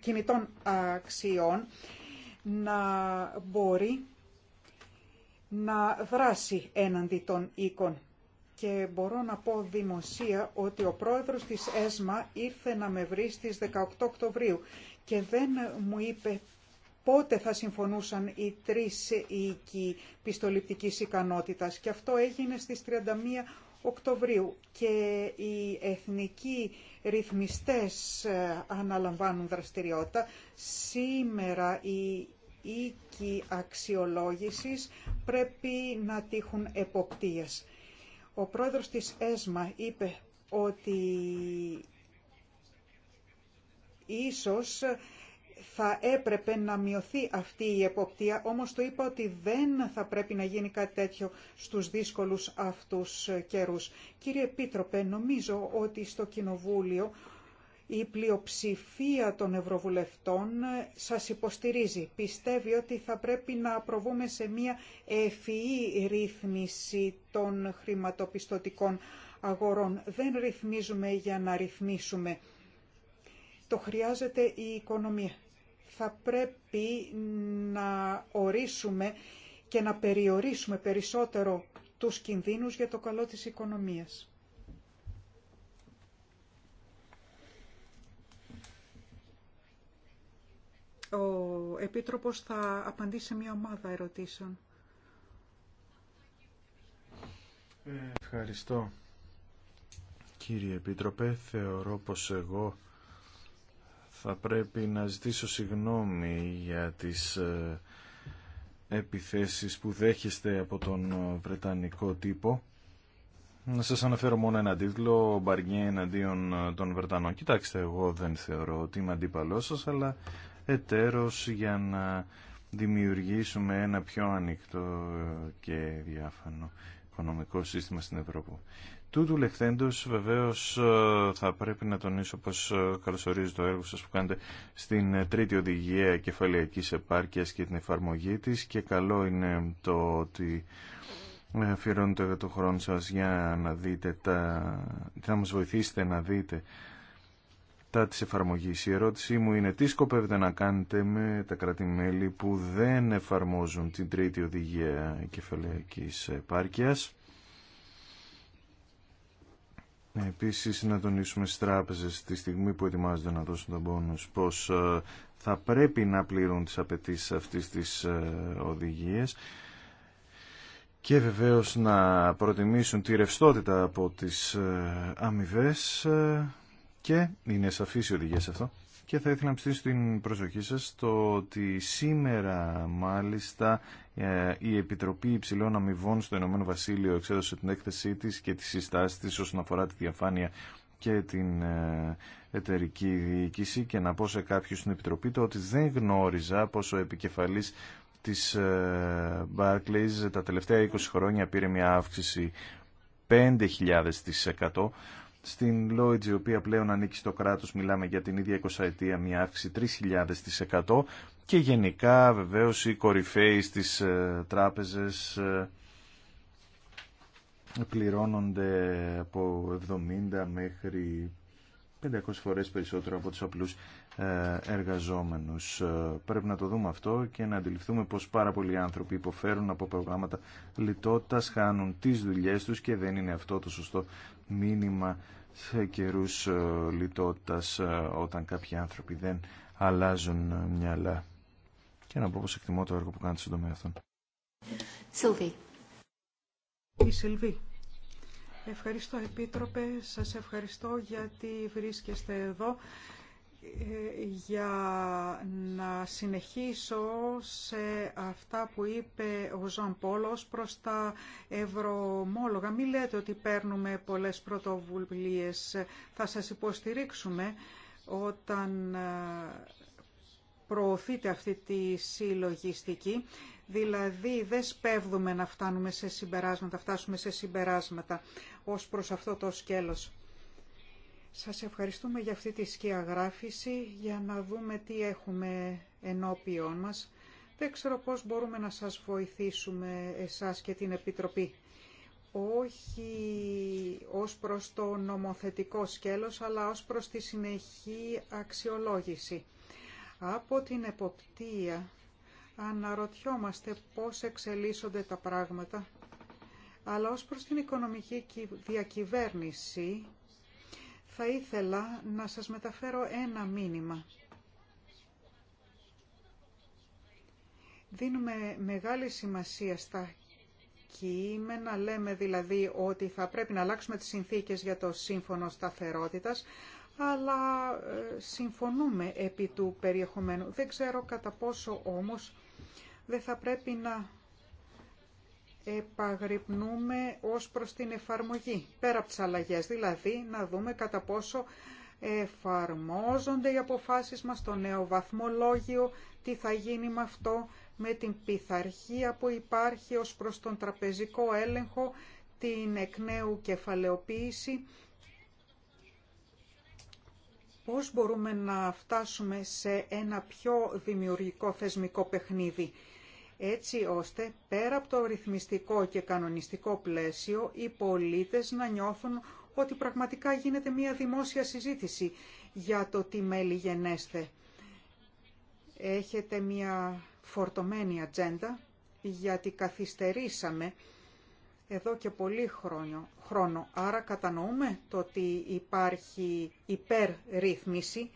Κινητών Αξιών, να μπορεί να δράσει έναντι των οίκων και μπορώ να πω δημοσία ότι ο πρόεδρος της ΕΣΜΑ ήρθε να με βρει στις 18 Οκτωβρίου και δεν μου είπε πότε θα συμφωνούσαν οι τρεις οίκοι πιστοληπτικής ικανότητας και αυτό έγινε στις 31 Οκτωβρίου και οι εθνικοί ρυθμιστές ε, αναλαμβάνουν δραστηριότητα. Σήμερα οι οίκοι αξιολόγησης πρέπει να τύχουν εποπτείας. Ο πρόεδρος της ΕΣΜΑ είπε ότι ίσως θα έπρεπε να μειωθεί αυτή η εποπτεία, όμως το είπα ότι δεν θα πρέπει να γίνει κάτι τέτοιο στους δύσκολους αυτούς καιρούς. Κύριε Επίτροπε, νομίζω ότι στο Κοινοβούλιο η πλειοψηφία των Ευρωβουλευτών σας υποστηρίζει. Πιστεύει ότι θα πρέπει να προβούμε σε μια ευφυή ρύθμιση των χρηματοπιστωτικών αγορών. Δεν ρυθμίζουμε για να ρυθμίσουμε. Το χρειάζεται η οικονομία. Θα πρέπει να ορίσουμε και να περιορίσουμε περισσότερο τους κινδύνους για το καλό της οικονομίας. Ο Επίτροπος θα απαντήσει σε μια ομάδα ερωτήσεων. Ευχαριστώ. Κύριε Επίτροπε, θεωρώ πως εγώ θα πρέπει να ζητήσω συγγνώμη για τις ε, επιθέσεις που δέχεστε από τον ε, Βρετανικό τύπο. Να σας αναφέρω μόνο έναν τίτλο, ο Μπαρνιέ εναντίον ε, των Βρετανών. Κοιτάξτε, εγώ δεν θεωρώ ότι είμαι αντίπαλός σας, αλλά εταίρος για να δημιουργήσουμε ένα πιο ανοιχτό και διάφανο οικονομικό σύστημα στην Ευρώπη. Τούτου λεχθέντος βεβαίως θα πρέπει να τονίσω πως καλωσορίζει το έργο σας που κάνετε στην τρίτη οδηγία κεφαλαιακής επάρκειας και την εφαρμογή της και καλό είναι το ότι ε, αφιερώνετε το χρόνο σας για να δείτε τα... θα μας βοηθήσετε να δείτε τα της εφαρμογής. Η ερώτησή μου είναι τι σκοπεύετε να κάνετε με τα κρατημέλη που δεν εφαρμόζουν την τρίτη οδηγία κεφαλαϊκής επάρκεια. Επίσης να τονίσουμε στις τράπεζες τη στιγμή που ετοιμάζονται να δώσουν τον πόνους πως ε, θα πρέπει να πληρούν τις απαιτήσει αυτής της ε, οδηγίας και βεβαίως να προτιμήσουν τη ρευστότητα από τις ε, αμοιβέ και είναι σαφής η οδηγία σε αυτό. Και θα ήθελα να πιστήσω την προσοχή σας το ότι σήμερα μάλιστα ε, η Επιτροπή Υψηλών Αμοιβών στο Ηνωμένο Βασίλειο εξέδωσε την έκθεσή της και τις συστάσεις της όσον αφορά τη διαφάνεια και την ε, εταιρική διοίκηση και να πω σε κάποιους στην Επιτροπή το ότι δεν γνώριζα πόσο επικεφαλής της ε, Barclays τα τελευταία 20 χρόνια πήρε μια αύξηση 5.000% στην Λόιτζη, η οποία πλέον ανήκει στο κράτος, μιλάμε για την ίδια 20 ετία, μια αύξηση 3.000% και γενικά βεβαίως οι κορυφαίοι στις ε, τράπεζες ε, πληρώνονται από 70 μέχρι 500 φορές περισσότερο από τους απλούς ε, εργαζόμενους. Ε, πρέπει να το δούμε αυτό και να αντιληφθούμε πως πάρα πολλοί άνθρωποι υποφέρουν από προγράμματα λιτότητας, χάνουν τις δουλειές τους και δεν είναι αυτό το σωστό μήνυμα σε καιρούς ε, λιτότητας όταν κάποιοι άνθρωποι δεν αλλάζουν μυαλά. Και να πω πως εκτιμώ το έργο που κάνετε στον τομέα αυτόν. Σιλβί. Η Σιλβί. Ευχαριστώ Επίτροπε, σας ευχαριστώ γιατί βρίσκεστε εδώ για να συνεχίσω σε αυτά που είπε ο Ζαν Πόλος προς τα ευρωομόλογα. Μην λέτε ότι παίρνουμε πολλές πρωτοβουλίες. Θα σας υποστηρίξουμε όταν ε, προωθείτε αυτή τη συλλογιστική. Δηλαδή δεν σπέβδουμε να φτάνουμε σε συμπεράσματα, φτάσουμε σε συμπεράσματα ως προς αυτό το σκέλος. Σας ευχαριστούμε για αυτή τη σκιαγράφηση για να δούμε τι έχουμε ενώπιόν μας. Δεν ξέρω πώς μπορούμε να σας βοηθήσουμε εσάς και την Επιτροπή. Όχι ως προς το νομοθετικό σκέλος, αλλά ως προς τη συνεχή αξιολόγηση. Από την εποπτεία αναρωτιόμαστε πώς εξελίσσονται τα πράγματα, αλλά ως προς την οικονομική διακυβέρνηση θα ήθελα να σας μεταφέρω ένα μήνυμα. Δίνουμε μεγάλη σημασία στα κείμενα, λέμε δηλαδή ότι θα πρέπει να αλλάξουμε τις συνθήκες για το σύμφωνο σταθερότητας, αλλά ε, συμφωνούμε επί του περιεχομένου. Δεν ξέρω κατά πόσο όμως δεν θα πρέπει να επαγρυπνούμε ως προς την εφαρμογή, πέρα από τις αλλαγές, δηλαδή να δούμε κατά πόσο εφαρμόζονται οι αποφάσεις μας, το νέο βαθμολόγιο, τι θα γίνει με αυτό, με την πειθαρχία που υπάρχει ως προς τον τραπεζικό έλεγχο, την εκ νέου κεφαλαιοποίηση, πώς μπορούμε να φτάσουμε σε ένα πιο δημιουργικό θεσμικό παιχνίδι έτσι ώστε πέρα από το ρυθμιστικό και κανονιστικό πλαίσιο οι πολίτες να νιώθουν ότι πραγματικά γίνεται μια δημόσια συζήτηση για το τι μέλη γενέστε. Έχετε μια φορτωμένη ατζέντα γιατί καθυστερήσαμε εδώ και πολύ χρόνο, χρόνο. Άρα κατανοούμε το ότι υπάρχει υπερρύθμιση,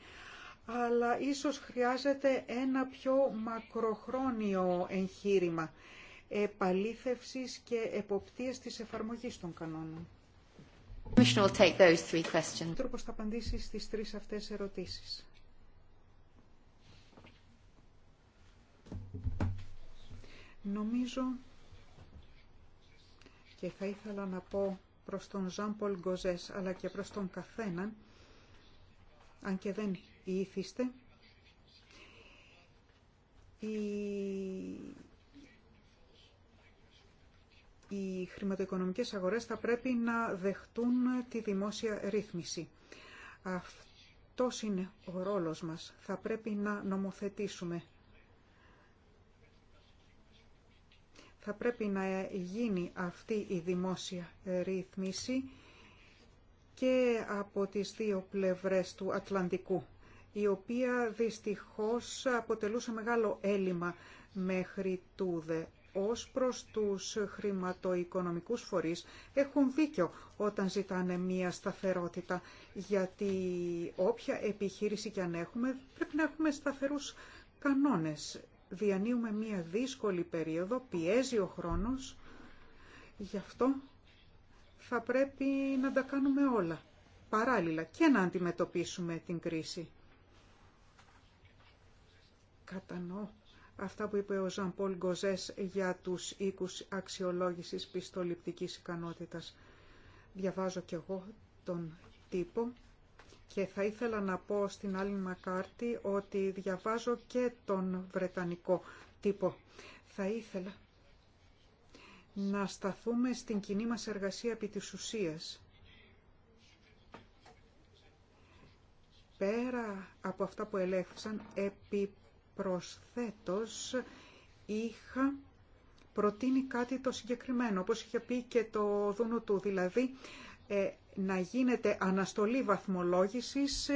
αλλά ίσως χρειάζεται ένα πιο μακροχρόνιο εγχείρημα επαλήθευσης και εποπτείας της εφαρμογής των κανόνων. Ο τρόπος θα απαντήσει στις τρεις αυτές ερωτήσεις. Νομίζω και θα ήθελα να πω προς τον Ζαν Πολ Γκοζές αλλά και προς τον καθέναν αν και δεν ήθιστε, οι χρηματοοικονομικές αγορές θα πρέπει να δεχτούν τη δημόσια ρύθμιση. Αυτός είναι ο ρόλος μας. Θα πρέπει να νομοθετήσουμε. Θα πρέπει να γίνει αυτή η δημόσια ρύθμιση και από τις δύο πλευρές του Ατλαντικού, η οποία δυστυχώς αποτελούσε μεγάλο έλλειμμα μέχρι τούδε. Ως προς τους χρηματοοικονομικούς φορείς έχουν δίκιο όταν ζητάνε μία σταθερότητα, γιατί όποια επιχείρηση κι αν έχουμε πρέπει να έχουμε σταθερούς κανόνες. Διανύουμε μία δύσκολη περίοδο, πιέζει ο χρόνος, γι' αυτό θα πρέπει να τα κάνουμε όλα παράλληλα και να αντιμετωπίσουμε την κρίση. Κατανοώ αυτά που είπε ο Ζαν Πολ Γκοζές για τους οίκους αξιολόγησης πιστοληπτικής ικανότητας. Διαβάζω κι εγώ τον τύπο και θα ήθελα να πω στην άλλη Μακάρτη ότι διαβάζω και τον Βρετανικό τύπο. Θα ήθελα να σταθούμε στην κοινή μας εργασία επί της ουσίας. Πέρα από αυτά που ελέγχθησαν, επιπροσθέτως είχα προτείνει κάτι το συγκεκριμένο, όπως είχε πει και το Δούνο του, δηλαδή ε, να γίνεται αναστολή βαθμολόγησης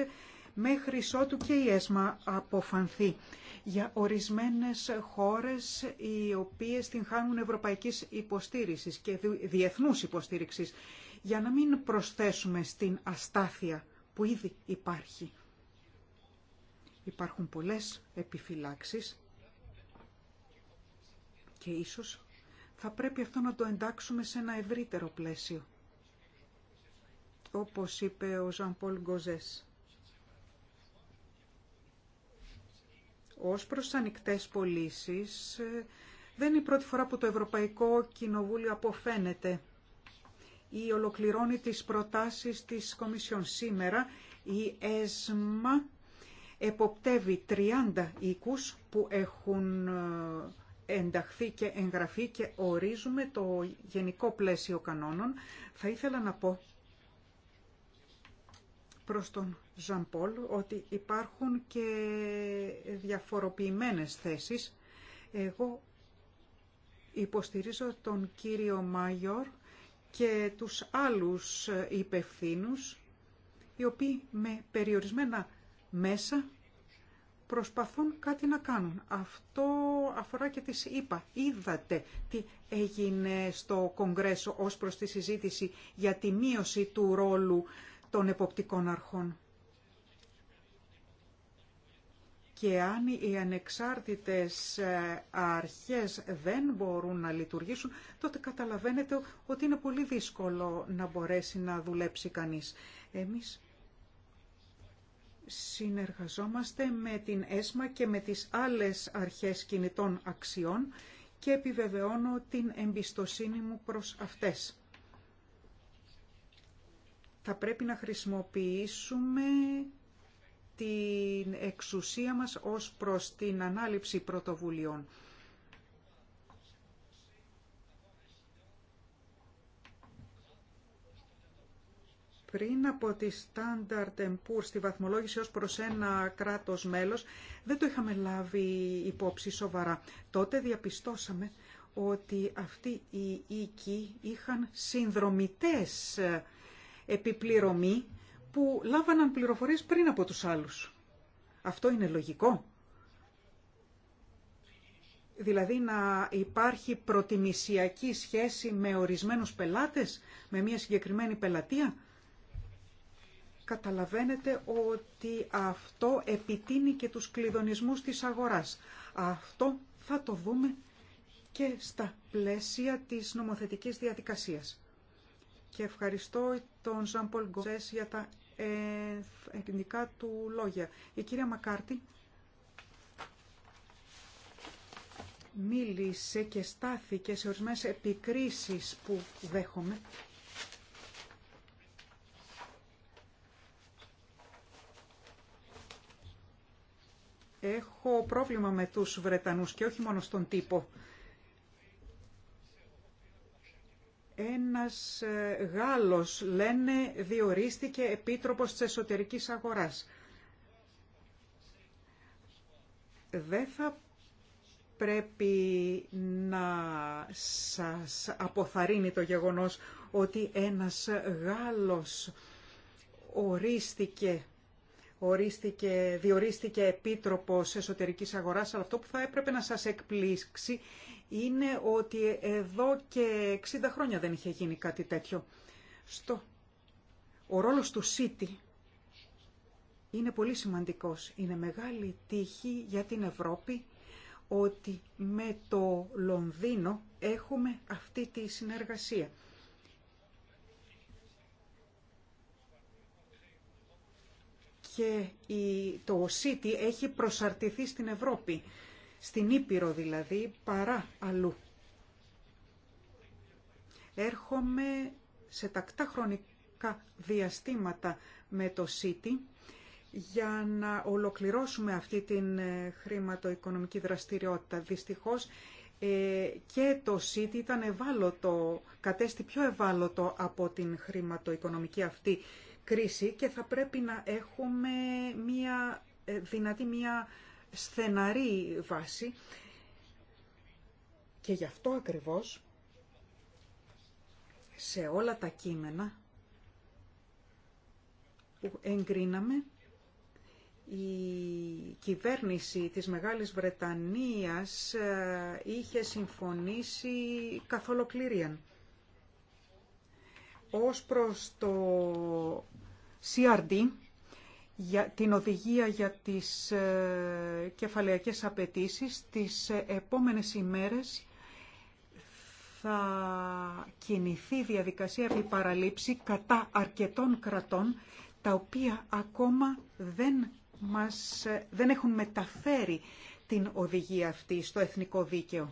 μέχρι ότου και η ΕΣΜΑ αποφανθεί για ορισμένες χώρες οι οποίες την χάνουν ευρωπαϊκής υποστήριξης και διεθνούς υποστήριξης για να μην προσθέσουμε στην αστάθεια που ήδη υπάρχει. Υπάρχουν πολλές επιφυλάξεις και ίσως θα πρέπει αυτό να το εντάξουμε σε ένα ευρύτερο πλαίσιο. Όπως είπε ο Ζαν Γκοζές. Ως προς ανοιχτές πωλήσει, δεν είναι η πρώτη φορά που το Ευρωπαϊκό Κοινοβούλιο αποφαίνεται ή ολοκληρώνει τις προτάσεις της Κομισιόν. Σήμερα η ΕΣΜΑ εποπτεύει 30 οίκους που έχουν ε, ενταχθεί και εγγραφεί και ορίζουμε το γενικό πλαίσιο κανόνων. Θα ήθελα να πω προς τον ότι υπάρχουν και διαφοροποιημένες θέσεις. Εγώ υποστηρίζω τον κύριο Μάγιορ και τους άλλους υπευθύνους οι οποίοι με περιορισμένα μέσα προσπαθούν κάτι να κάνουν. Αυτό αφορά και τις είπα. Είδατε τι έγινε στο Κογκρέσο ως προς τη συζήτηση για τη μείωση του ρόλου των εποπτικών αρχών. Και αν οι ανεξάρτητες ε, αρχές δεν μπορούν να λειτουργήσουν, τότε καταλαβαίνετε ότι είναι πολύ δύσκολο να μπορέσει να δουλέψει κανείς. Εμείς συνεργαζόμαστε με την ΕΣΜΑ και με τις άλλες αρχές κινητών αξιών και επιβεβαιώνω την εμπιστοσύνη μου προς αυτές. Θα πρέπει να χρησιμοποιήσουμε την εξουσία μας ως προς την ανάληψη πρωτοβουλειών. πριν από τη Standard Poor's στη βαθμολόγηση ως προς ένα κράτος μέλος, δεν το είχαμε λάβει υπόψη σοβαρά. Τότε διαπιστώσαμε ότι αυτοί οι οίκοι είχαν συνδρομητές επιπληρωμή που λάβαναν πληροφορίες πριν από τους άλλους. Αυτό είναι λογικό. Δηλαδή να υπάρχει προτιμησιακή σχέση με ορισμένους πελάτες, με μια συγκεκριμένη πελατεία. Καταλαβαίνετε ότι αυτό επιτείνει και τους κλειδονισμούς της αγοράς. Αυτό θα το δούμε και στα πλαίσια της νομοθετικής διαδικασίας και ευχαριστώ τον Ζαν Πολ για τα εθνικά του λόγια. Η κυρία Μακάρτη μίλησε και στάθηκε σε ορισμένες επικρίσεις που δέχομαι. Έχω πρόβλημα με τους Βρετανούς και όχι μόνο στον τύπο. Ένας ε, Γάλλος, λένε, διορίστηκε επίτροπος της εσωτερικής αγοράς. Δεν θα πρέπει να σας αποθαρρύνει το γεγονός ότι ένας Γάλλος ορίστηκε, ορίστηκε, διορίστηκε επίτροπος εσωτερικής αγοράς, αλλά αυτό που θα έπρεπε να σας εκπλήξει είναι ότι εδώ και 60 χρόνια δεν είχε γίνει κάτι τέτοιο. Στο. Ο ρόλος του City είναι πολύ σημαντικός. Είναι μεγάλη τύχη για την Ευρώπη ότι με το Λονδίνο έχουμε αυτή τη συνεργασία. Και το City έχει προσαρτηθεί στην Ευρώπη στην Ήπειρο δηλαδή, παρά αλλού. Έρχομαι σε τακτά χρονικά διαστήματα με το ΣΥΤΙ για να ολοκληρώσουμε αυτή την ε, χρηματοοικονομική δραστηριότητα. Δυστυχώς ε, και το ΣΥΤ ήταν ευάλωτο, κατέστη πιο ευάλωτο από την χρηματοοικονομική αυτή κρίση και θα πρέπει να έχουμε μια ε, δυνατή μια στεναρή βάση και γι' αυτό ακριβώς σε όλα τα κείμενα που εγκρίναμε η κυβέρνηση της Μεγάλης Βρετανίας ε, είχε συμφωνήσει καθ' ολοκλήριαν. Ως προς το CRD, για την οδηγία για τις ε, κεφαλαιακές απαιτήσεις τις επόμενες ημέρες θα κινηθεί διαδικασία επί κατά αρκετών κρατών τα οποία ακόμα δεν, μας, ε, δεν έχουν μεταφέρει την οδηγία αυτή στο εθνικό δίκαιο.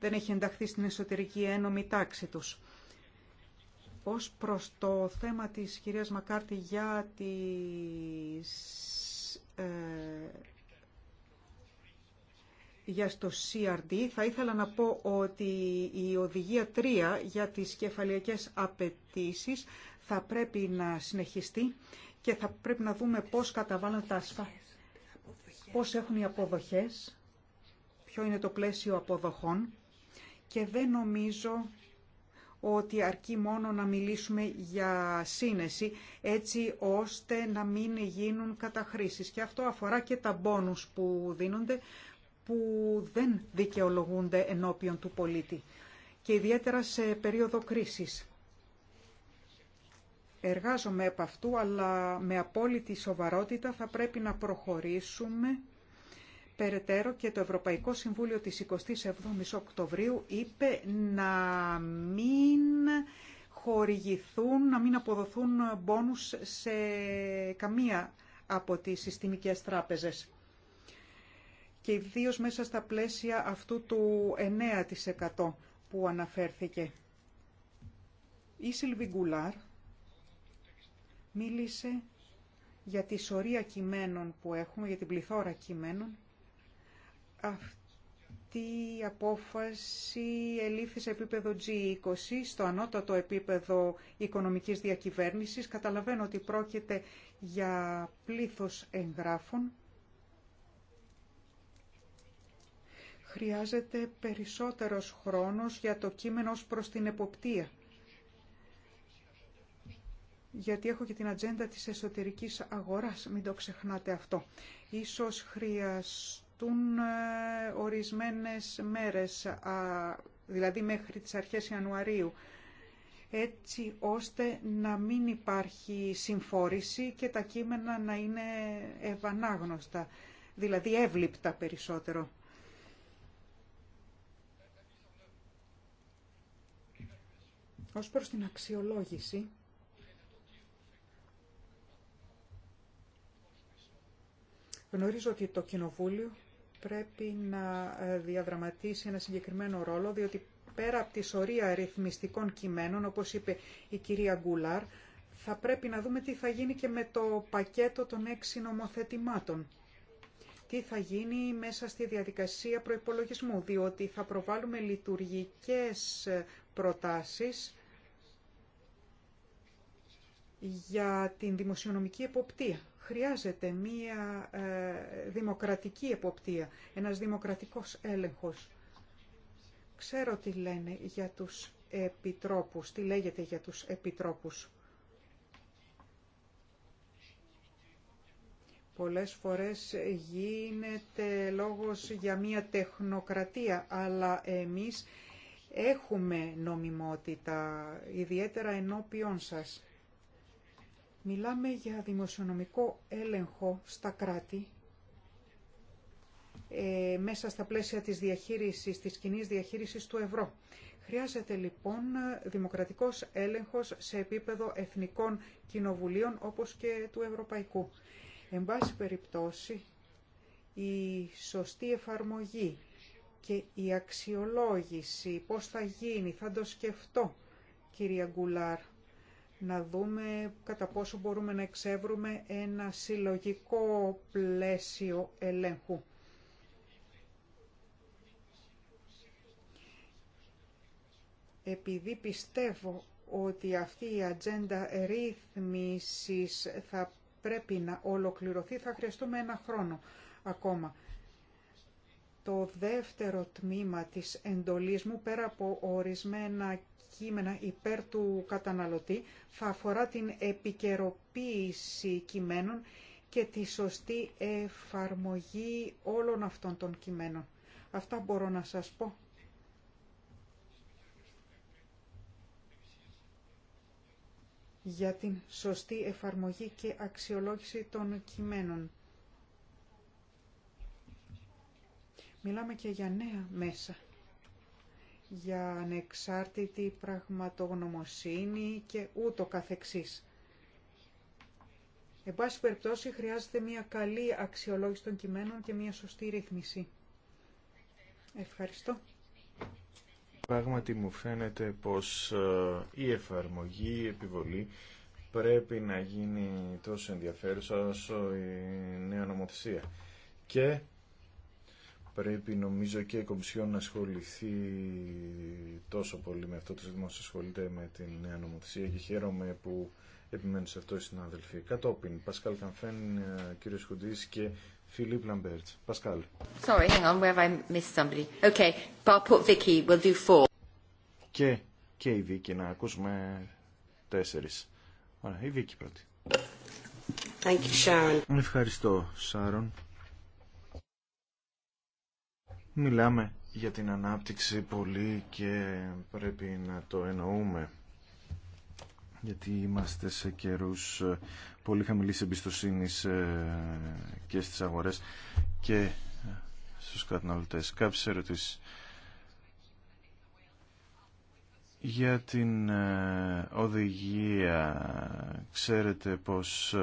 Δεν έχει ενταχθεί στην εσωτερική ένωμη τάξη τους. Ως προς το θέμα της κυρίας Μακάρτη για τις... Ε, για στο CRD, θα ήθελα να πω ότι η οδηγία 3 για τις κεφαλιακές απαιτήσεις θα πρέπει να συνεχιστεί και θα πρέπει να δούμε πώς καταβάλουν τα άσφα, πώς έχουν οι αποδοχές, ποιο είναι το πλαίσιο αποδοχών και δεν νομίζω ότι αρκεί μόνο να μιλήσουμε για σύνεση έτσι ώστε να μην γίνουν καταχρήσεις. Και αυτό αφορά και τα μπόνους που δίνονται που δεν δικαιολογούνται ενώπιον του πολίτη και ιδιαίτερα σε περίοδο κρίσης. Εργάζομαι επ' αυτού, αλλά με απόλυτη σοβαρότητα θα πρέπει να προχωρήσουμε Περαιτέρω και το Ευρωπαϊκό Συμβούλιο της 27ης Οκτωβρίου είπε να μην χορηγηθούν, να μην αποδοθούν μπόνους σε καμία από τις συστημικές τράπεζες. Και ιδίω μέσα στα πλαίσια αυτού του 9% που αναφέρθηκε. Η Σιλβι Γκουλάρ μίλησε για τη σωρία κειμένων που έχουμε, για την πληθώρα κειμένων αυτή η απόφαση ελήφθη σε επίπεδο G20, στο ανώτατο επίπεδο οικονομικής διακυβέρνησης. Καταλαβαίνω ότι πρόκειται για πλήθος εγγράφων. Χρειάζεται περισσότερος χρόνος για το κείμενο ως προς την εποπτεία γιατί έχω και την ατζέντα της εσωτερικής αγοράς, μην το ξεχνάτε αυτό. Ίσως χρειαστεί κρατούν ε, ορισμένες μέρες, δηλαδή μέχρι τις αρχές Ιανουαρίου, έτσι ώστε να μην υπάρχει συμφόρηση και τα κείμενα να είναι ευανάγνωστα, δηλαδή εύληπτα περισσότερο. Ως προς την αξιολόγηση, γνωρίζω ότι το Κοινοβούλιο πρέπει να ε, διαδραματίσει ένα συγκεκριμένο ρόλο, διότι πέρα από τη σωρία ρυθμιστικών κειμένων, όπως είπε η κυρία Γκούλαρ, θα πρέπει να δούμε τι θα γίνει και με το πακέτο των έξι νομοθετημάτων. Τι θα γίνει μέσα στη διαδικασία προϋπολογισμού, διότι θα προβάλλουμε λειτουργικές ε, προτάσεις για την δημοσιονομική εποπτεία. Χρειάζεται μία ε, δημοκρατική εποπτεία, ένας δημοκρατικός έλεγχος. Ξέρω τι λένε για τους επιτρόπους, τι λέγεται για τους επιτρόπους. Πολλές φορές γίνεται λόγος για μία τεχνοκρατία, αλλά εμείς έχουμε νομιμότητα, ιδιαίτερα ενώπιον σας. Μιλάμε για δημοσιονομικό έλεγχο στα κράτη ε, μέσα στα πλαίσια της διαχείρισης, της κοινή διαχείρισης του ευρώ. Χρειάζεται λοιπόν δημοκρατικός έλεγχος σε επίπεδο εθνικών κοινοβουλίων όπως και του ευρωπαϊκού. Εν πάση περιπτώσει, η σωστή εφαρμογή και η αξιολόγηση, πώς θα γίνει, θα το σκεφτώ, κυρία Γκουλάρ, να δούμε κατά πόσο μπορούμε να εξεύρουμε ένα συλλογικό πλαίσιο ελέγχου. Επειδή πιστεύω ότι αυτή η ατζέντα ρύθμισης θα πρέπει να ολοκληρωθεί, θα χρειαστούμε ένα χρόνο ακόμα. Το δεύτερο τμήμα της εντολής μου, πέρα από ορισμένα κείμενα υπέρ του καταναλωτή θα αφορά την επικαιροποίηση κειμένων και τη σωστή εφαρμογή όλων αυτών των κειμένων. Αυτά μπορώ να σας πω. για την σωστή εφαρμογή και αξιολόγηση των κειμένων. Μιλάμε και για νέα μέσα για ανεξάρτητη πραγματογνωμοσύνη και ούτω καθεξής. Εν πάση περιπτώσει χρειάζεται μια καλή αξιολόγηση των κειμένων και μια σωστή ρύθμιση. Ευχαριστώ. Πράγματι μου φαίνεται πως ε, η εφαρμογή, η επιβολή πρέπει να γίνει τόσο ενδιαφέρουσα όσο η νέα νομοθεσία. Και πρέπει νομίζω και η Κομισιόν να ασχοληθεί τόσο πολύ με αυτό το ζήτημα όσο ασχολείται με την νέα νομοθεσία και χαίρομαι που επιμένουν σε αυτό οι συνάδελφοι. Κατόπιν, Πασκάλ Καμφέν, ε, κύριο Χουντή και Φιλίπ Λαμπέρτ. Πασκάλ. Και, και η Βίκη, να ακούσουμε τέσσερι. Ωραία, η Βίκη πρώτη. Ευχαριστώ, Σάρων. Μιλάμε για την ανάπτυξη πολύ και πρέπει να το εννοούμε γιατί είμαστε σε καιρούς ε, πολύ χαμηλής εμπιστοσύνης ε, και στις αγορές και ε, στους καταναλωτές. Κάποιες ερωτήσεις για την οδηγία ξέρετε πως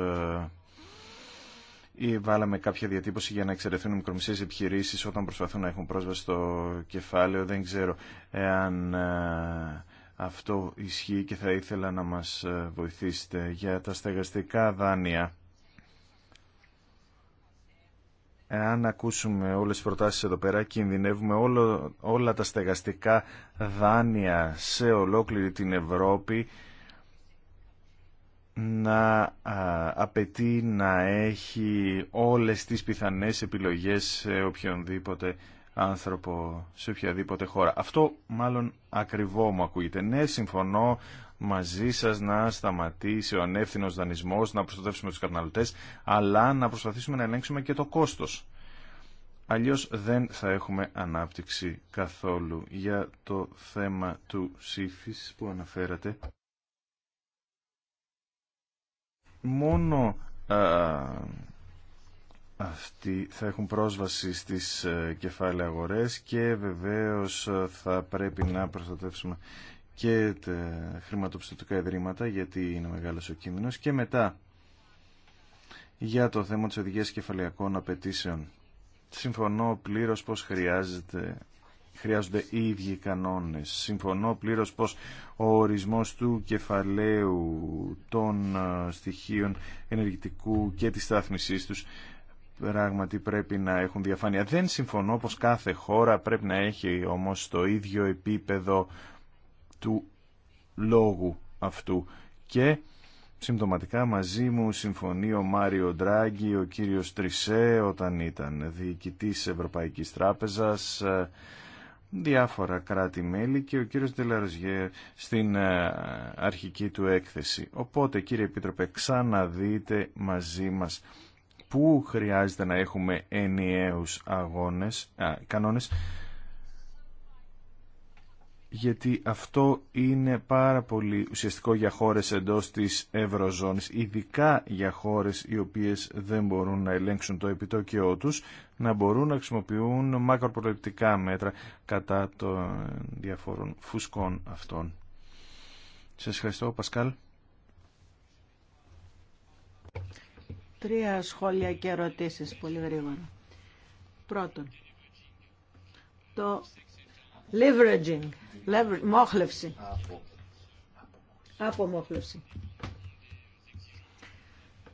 ή βάλαμε κάποια διατύπωση για να εξαιρεθούν οι μικρομεσαίες επιχειρήσεις όταν προσπαθούν να έχουν πρόσβαση στο κεφάλαιο. Δεν ξέρω εάν ε, αυτό ισχύει και θα ήθελα να μας ε, βοηθήσετε για τα στεγαστικά δάνεια. Εάν ακούσουμε όλες τις προτάσεις εδώ πέρα, κινδυνεύουμε όλο, όλα τα στεγαστικά δάνεια σε ολόκληρη την Ευρώπη να απαιτεί να έχει όλες τις πιθανές επιλογές σε οποιονδήποτε άνθρωπο σε οποιαδήποτε χώρα. Αυτό μάλλον ακριβό μου ακούγεται. Ναι, συμφωνώ μαζί σας να σταματήσει ο ανεύθυνος δανεισμός, να προστατεύσουμε τους καταναλωτές, αλλά να προσπαθήσουμε να ελέγξουμε και το κόστος. Αλλιώς δεν θα έχουμε ανάπτυξη καθόλου για το θέμα του σύφης που αναφέρατε μόνο αυτοί θα έχουν πρόσβαση στις ε, κεφάλαια αγορές και βεβαίως ε, θα πρέπει να προστατεύσουμε και τα χρηματοπιστωτικά ιδρύματα γιατί είναι μεγάλος ο κίνδυνος και μετά για το θέμα της οδηγίας κεφαλαιακών απαιτήσεων. Συμφωνώ πλήρως πως χρειάζεται χρειάζονται οι ίδιοι κανόνες. Συμφωνώ πλήρως πως ο ορισμός του κεφαλαίου των ε, στοιχείων ενεργητικού και της στάθμισής τους πράγματι πρέπει να έχουν διαφάνεια. Δεν συμφωνώ πως κάθε χώρα πρέπει να έχει όμως το ίδιο επίπεδο του λόγου αυτού και Συμπτωματικά μαζί μου συμφωνεί ο Μάριο Ντράγκη, ο κύριος Τρισέ όταν ήταν διοικητής Ευρωπαϊκής Τράπεζας ε, διάφορα κράτη-μέλη και ο κύριος Ντελαροζιέ στην ε, αρχική του έκθεση. Οπότε κύριε Επίτροπε ξαναδείτε μαζί μας πού χρειάζεται να έχουμε ενιαίους αγώνες, α, κανόνες γιατί αυτό είναι πάρα πολύ ουσιαστικό για χώρες εντός της Ευρωζώνης, ειδικά για χώρες οι οποίες δεν μπορούν να ελέγξουν το επιτόκιό τους, να μπορούν να χρησιμοποιούν μακροπροληπτικά μέτρα κατά των διαφόρων φουσκών αυτών. Σας ευχαριστώ, Πασκάλ. Τρία σχόλια και ερωτήσεις, πολύ γρήγορα. Πρώτον, το Leveraging. Lever, μόχλευση. Απομόχλευση.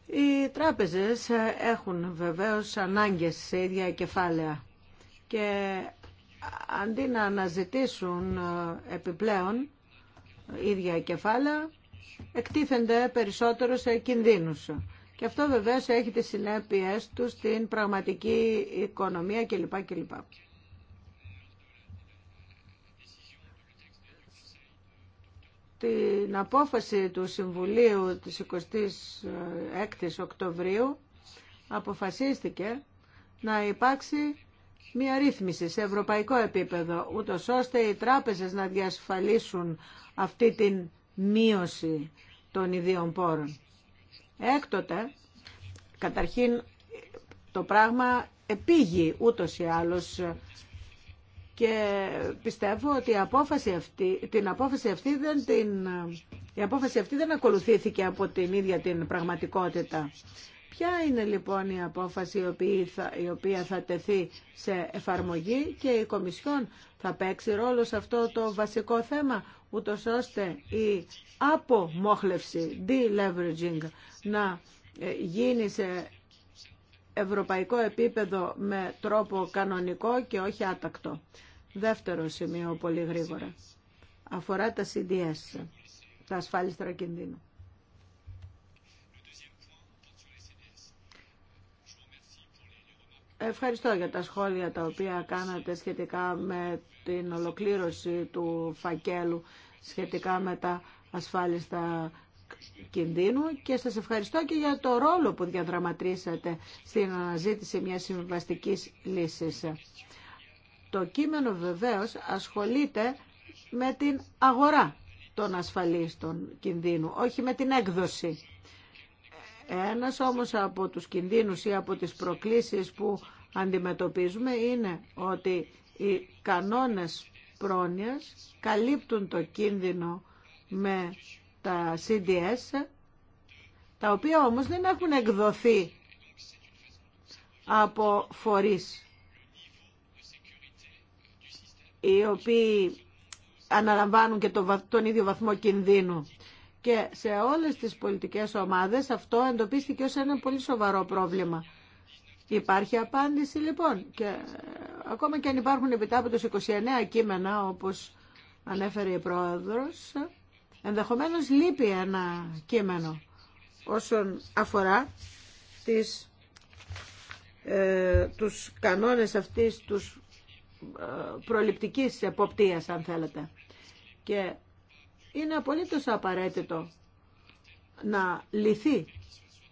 Οι τράπεζες ε, έχουν βεβαίως ανάγκες σε ίδια κεφάλαια και αντί να αναζητήσουν ε, επιπλέον ίδια κεφάλαια, εκτίθενται περισσότερο σε κινδύνους. Και αυτό βεβαίως έχει τις συνέπειες του στην πραγματική οικονομία κλπ. την απόφαση του Συμβουλίου της 26ης Οκτωβρίου αποφασίστηκε να υπάρξει μια ρύθμιση σε ευρωπαϊκό επίπεδο, ούτω ώστε οι τράπεζες να διασφαλίσουν αυτή την μείωση των ιδίων πόρων. Έκτοτε, καταρχήν το πράγμα επήγει ούτως ή άλλως και πιστεύω ότι η απόφαση αυτή, την απόφαση αυτή δεν την, η απόφαση αυτή δεν ακολουθήθηκε από την ίδια την πραγματικότητα. Ποια είναι λοιπόν η απόφαση η οποία θα τεθεί σε εφαρμογή και η Κομισιόν θα παίξει ρόλο σε αυτό το βασικό θέμα, ούτω ώστε η απομόχλευση, deleveraging, να ε, γίνει σε ευρωπαϊκό επίπεδο με τρόπο κανονικό και όχι άτακτο. Δεύτερο σημείο, πολύ γρήγορα, αφορά τα CDS, τα ασφάλιστρα κινδύνου. Ευχαριστώ για τα σχόλια τα οποία κάνατε σχετικά με την ολοκλήρωση του φακέλου, σχετικά με τα ασφάλιστα κινδύνου και σας ευχαριστώ και για το ρόλο που διαδραματίσατε στην αναζήτηση μιας συμβαστικής λύσης. Το κείμενο βεβαίως ασχολείται με την αγορά των των κινδύνου, όχι με την έκδοση. Ένας όμως από τους κινδύνους ή από τις προκλήσεις που αντιμετωπίζουμε είναι ότι οι κανόνες πρόνοιας καλύπτουν το κίνδυνο με τα CDS, τα οποία όμως δεν έχουν εκδοθεί από φορείς οι οποίοι αναλαμβάνουν και τον ίδιο βαθμό κινδύνου. Και σε όλες τις πολιτικές ομάδες αυτό εντοπίστηκε ως ένα πολύ σοβαρό πρόβλημα. Υπάρχει απάντηση λοιπόν και ε, ακόμα και αν υπάρχουν επιτάπητος 29 κείμενα όπως ανέφερε η Πρόεδρος Ενδεχομένως λείπει ένα κείμενο όσον αφορά τις, ε, τους κανόνες αυτής τους ε, προληπτικής εποπτείας, αν θέλετε. Και είναι απολύτως απαραίτητο να λυθεί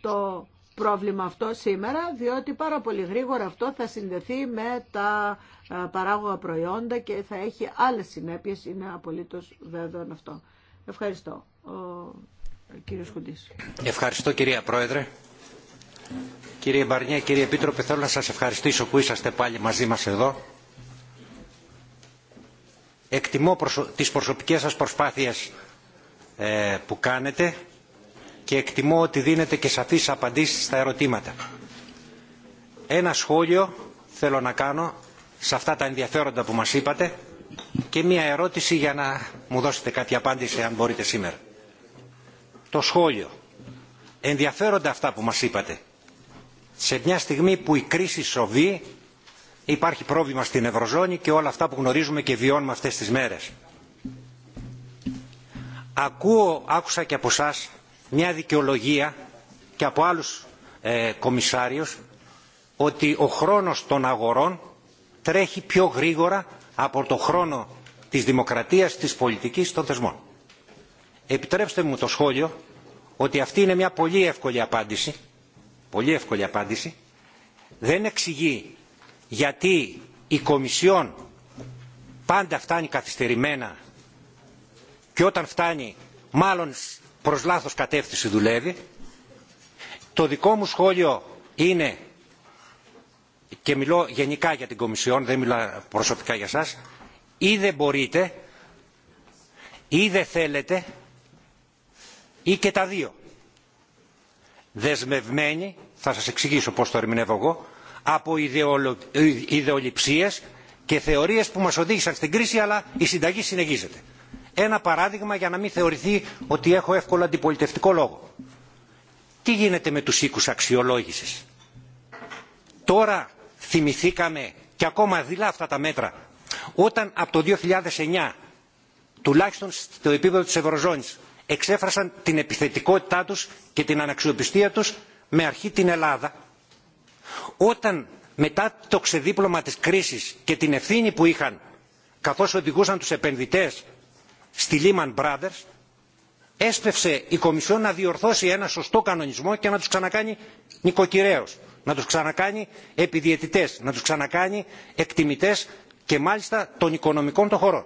το πρόβλημα αυτό σήμερα, διότι πάρα πολύ γρήγορα αυτό θα συνδεθεί με τα ε, παράγωγα προϊόντα και θα έχει άλλες συνέπειες, είναι απολύτως βέβαιο αυτό. Ευχαριστώ. Ο κύριος Ευχαριστώ κυρία Πρόεδρε. Κύριε Μπαρνιέ, κύριε Επίτροπε, θέλω να σας ευχαριστήσω που είσαστε πάλι μαζί μας εδώ. Εκτιμώ τις προσωπικές σας προσπάθειες ε, που κάνετε και εκτιμώ ότι δίνετε και σαφείς απαντήσεις στα ερωτήματα. Ένα σχόλιο θέλω να κάνω σε αυτά τα ενδιαφέροντα που μας είπατε και μία ερώτηση για να μου δώσετε κάτι απάντηση αν μπορείτε σήμερα. Το σχόλιο. Ενδιαφέρονται αυτά που μας είπατε. Σε μια στιγμή που η κρίση σοβεί υπάρχει πρόβλημα στην Ευρωζώνη και όλα αυτά που γνωρίζουμε και βιώνουμε αυτές τις μέρες. Ακούω, άκουσα και από εσά μια δικαιολογία και από άλλους ε, κομισάριους ότι ο χρόνος των αγορών τρέχει πιο γρήγορα από το χρόνο της δημοκρατίας, της πολιτικής, των θεσμών. Επιτρέψτε μου το σχόλιο ότι αυτή είναι μια πολύ εύκολη απάντηση, πολύ εύκολη απάντηση, δεν εξηγεί γιατί η Κομισιόν πάντα φτάνει καθυστερημένα και όταν φτάνει μάλλον προς λάθος κατεύθυνση δουλεύει. Το δικό μου σχόλιο είναι και μιλώ γενικά για την Κομισιόν, δεν μιλάω προσωπικά για σας, ή δεν μπορείτε ή δεν θέλετε ή και τα δύο. Δεσμευμένοι, θα σας εξηγήσω πώς το ερμηνεύω εγώ, από ιδεολειψίες και θεωρίες που μας οδήγησαν στην κρίση αλλά η συνταγή συνεχίζεται. Ένα παράδειγμα για να μην θεωρηθεί ότι έχω εύκολο αντιπολιτευτικό λόγο. Τι γίνεται με τους οίκους αξιολόγησης. Τώρα θυμηθήκαμε και ακόμα δειλά αυτά τα μέτρα όταν από το 2009, τουλάχιστον στο επίπεδο της Ευρωζώνης, εξέφρασαν την επιθετικότητά τους και την αναξιοπιστία τους με αρχή την Ελλάδα, όταν μετά το ξεδίπλωμα της κρίσης και την ευθύνη που είχαν καθώς οδηγούσαν τους επενδυτές στη Lehman Brothers, έσπευσε η Κομισιόν να διορθώσει ένα σωστό κανονισμό και να τους ξανακάνει νοικοκυρέως, να τους ξανακάνει επιδιαιτητές, να τους ξανακάνει εκτιμητές και μάλιστα των οικονομικών των χωρών.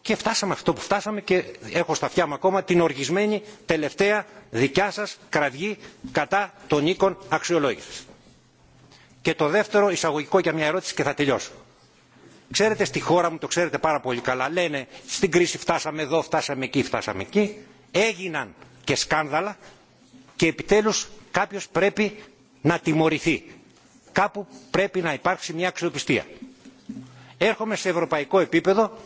Και φτάσαμε αυτό που φτάσαμε και έχω στα αυτιά μου ακόμα την οργισμένη τελευταία δικιά σας κραυγή κατά των οίκων αξιολόγησης. Και το δεύτερο εισαγωγικό για μια ερώτηση και θα τελειώσω. Ξέρετε στη χώρα μου, το ξέρετε πάρα πολύ καλά, λένε στην κρίση φτάσαμε εδώ, φτάσαμε εκεί, φτάσαμε εκεί. Έγιναν και σκάνδαλα και επιτέλους κάποιος πρέπει να τιμωρηθεί κάπου πρέπει να υπάρξει μια αξιοπιστία. Έρχομαι σε ευρωπαϊκό επίπεδο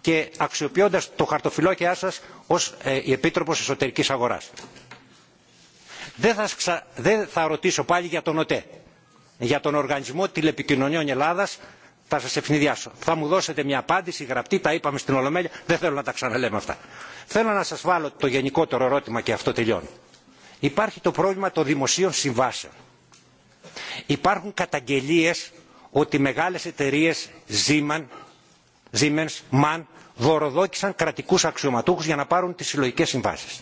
και αξιοποιώντας το χαρτοφυλάκιά σας ως ε, Επίτροπος Εσωτερικής Αγοράς. Δεν θα, ρωτήσω πάλι για τον ΟΤΕ, για τον Οργανισμό Τηλεπικοινωνιών Ελλάδας, θα σας ευθυνδιάσω. Θα μου δώσετε μια απάντηση γραπτή, τα είπαμε στην Ολομέλεια, δεν θέλω να τα ξαναλέμε αυτά. Θέλω να σας βάλω το γενικότερο ερώτημα και αυτό τελειώνει. Υπάρχει το πρόβλημα των δημοσίων συμβάσεων Υπάρχουν καταγγελίες ότι μεγάλες εταιρείες Siemens, Siemens MAN δωροδόκησαν κρατικούς αξιωματούχους για να πάρουν τις συλλογικές συμβάσεις.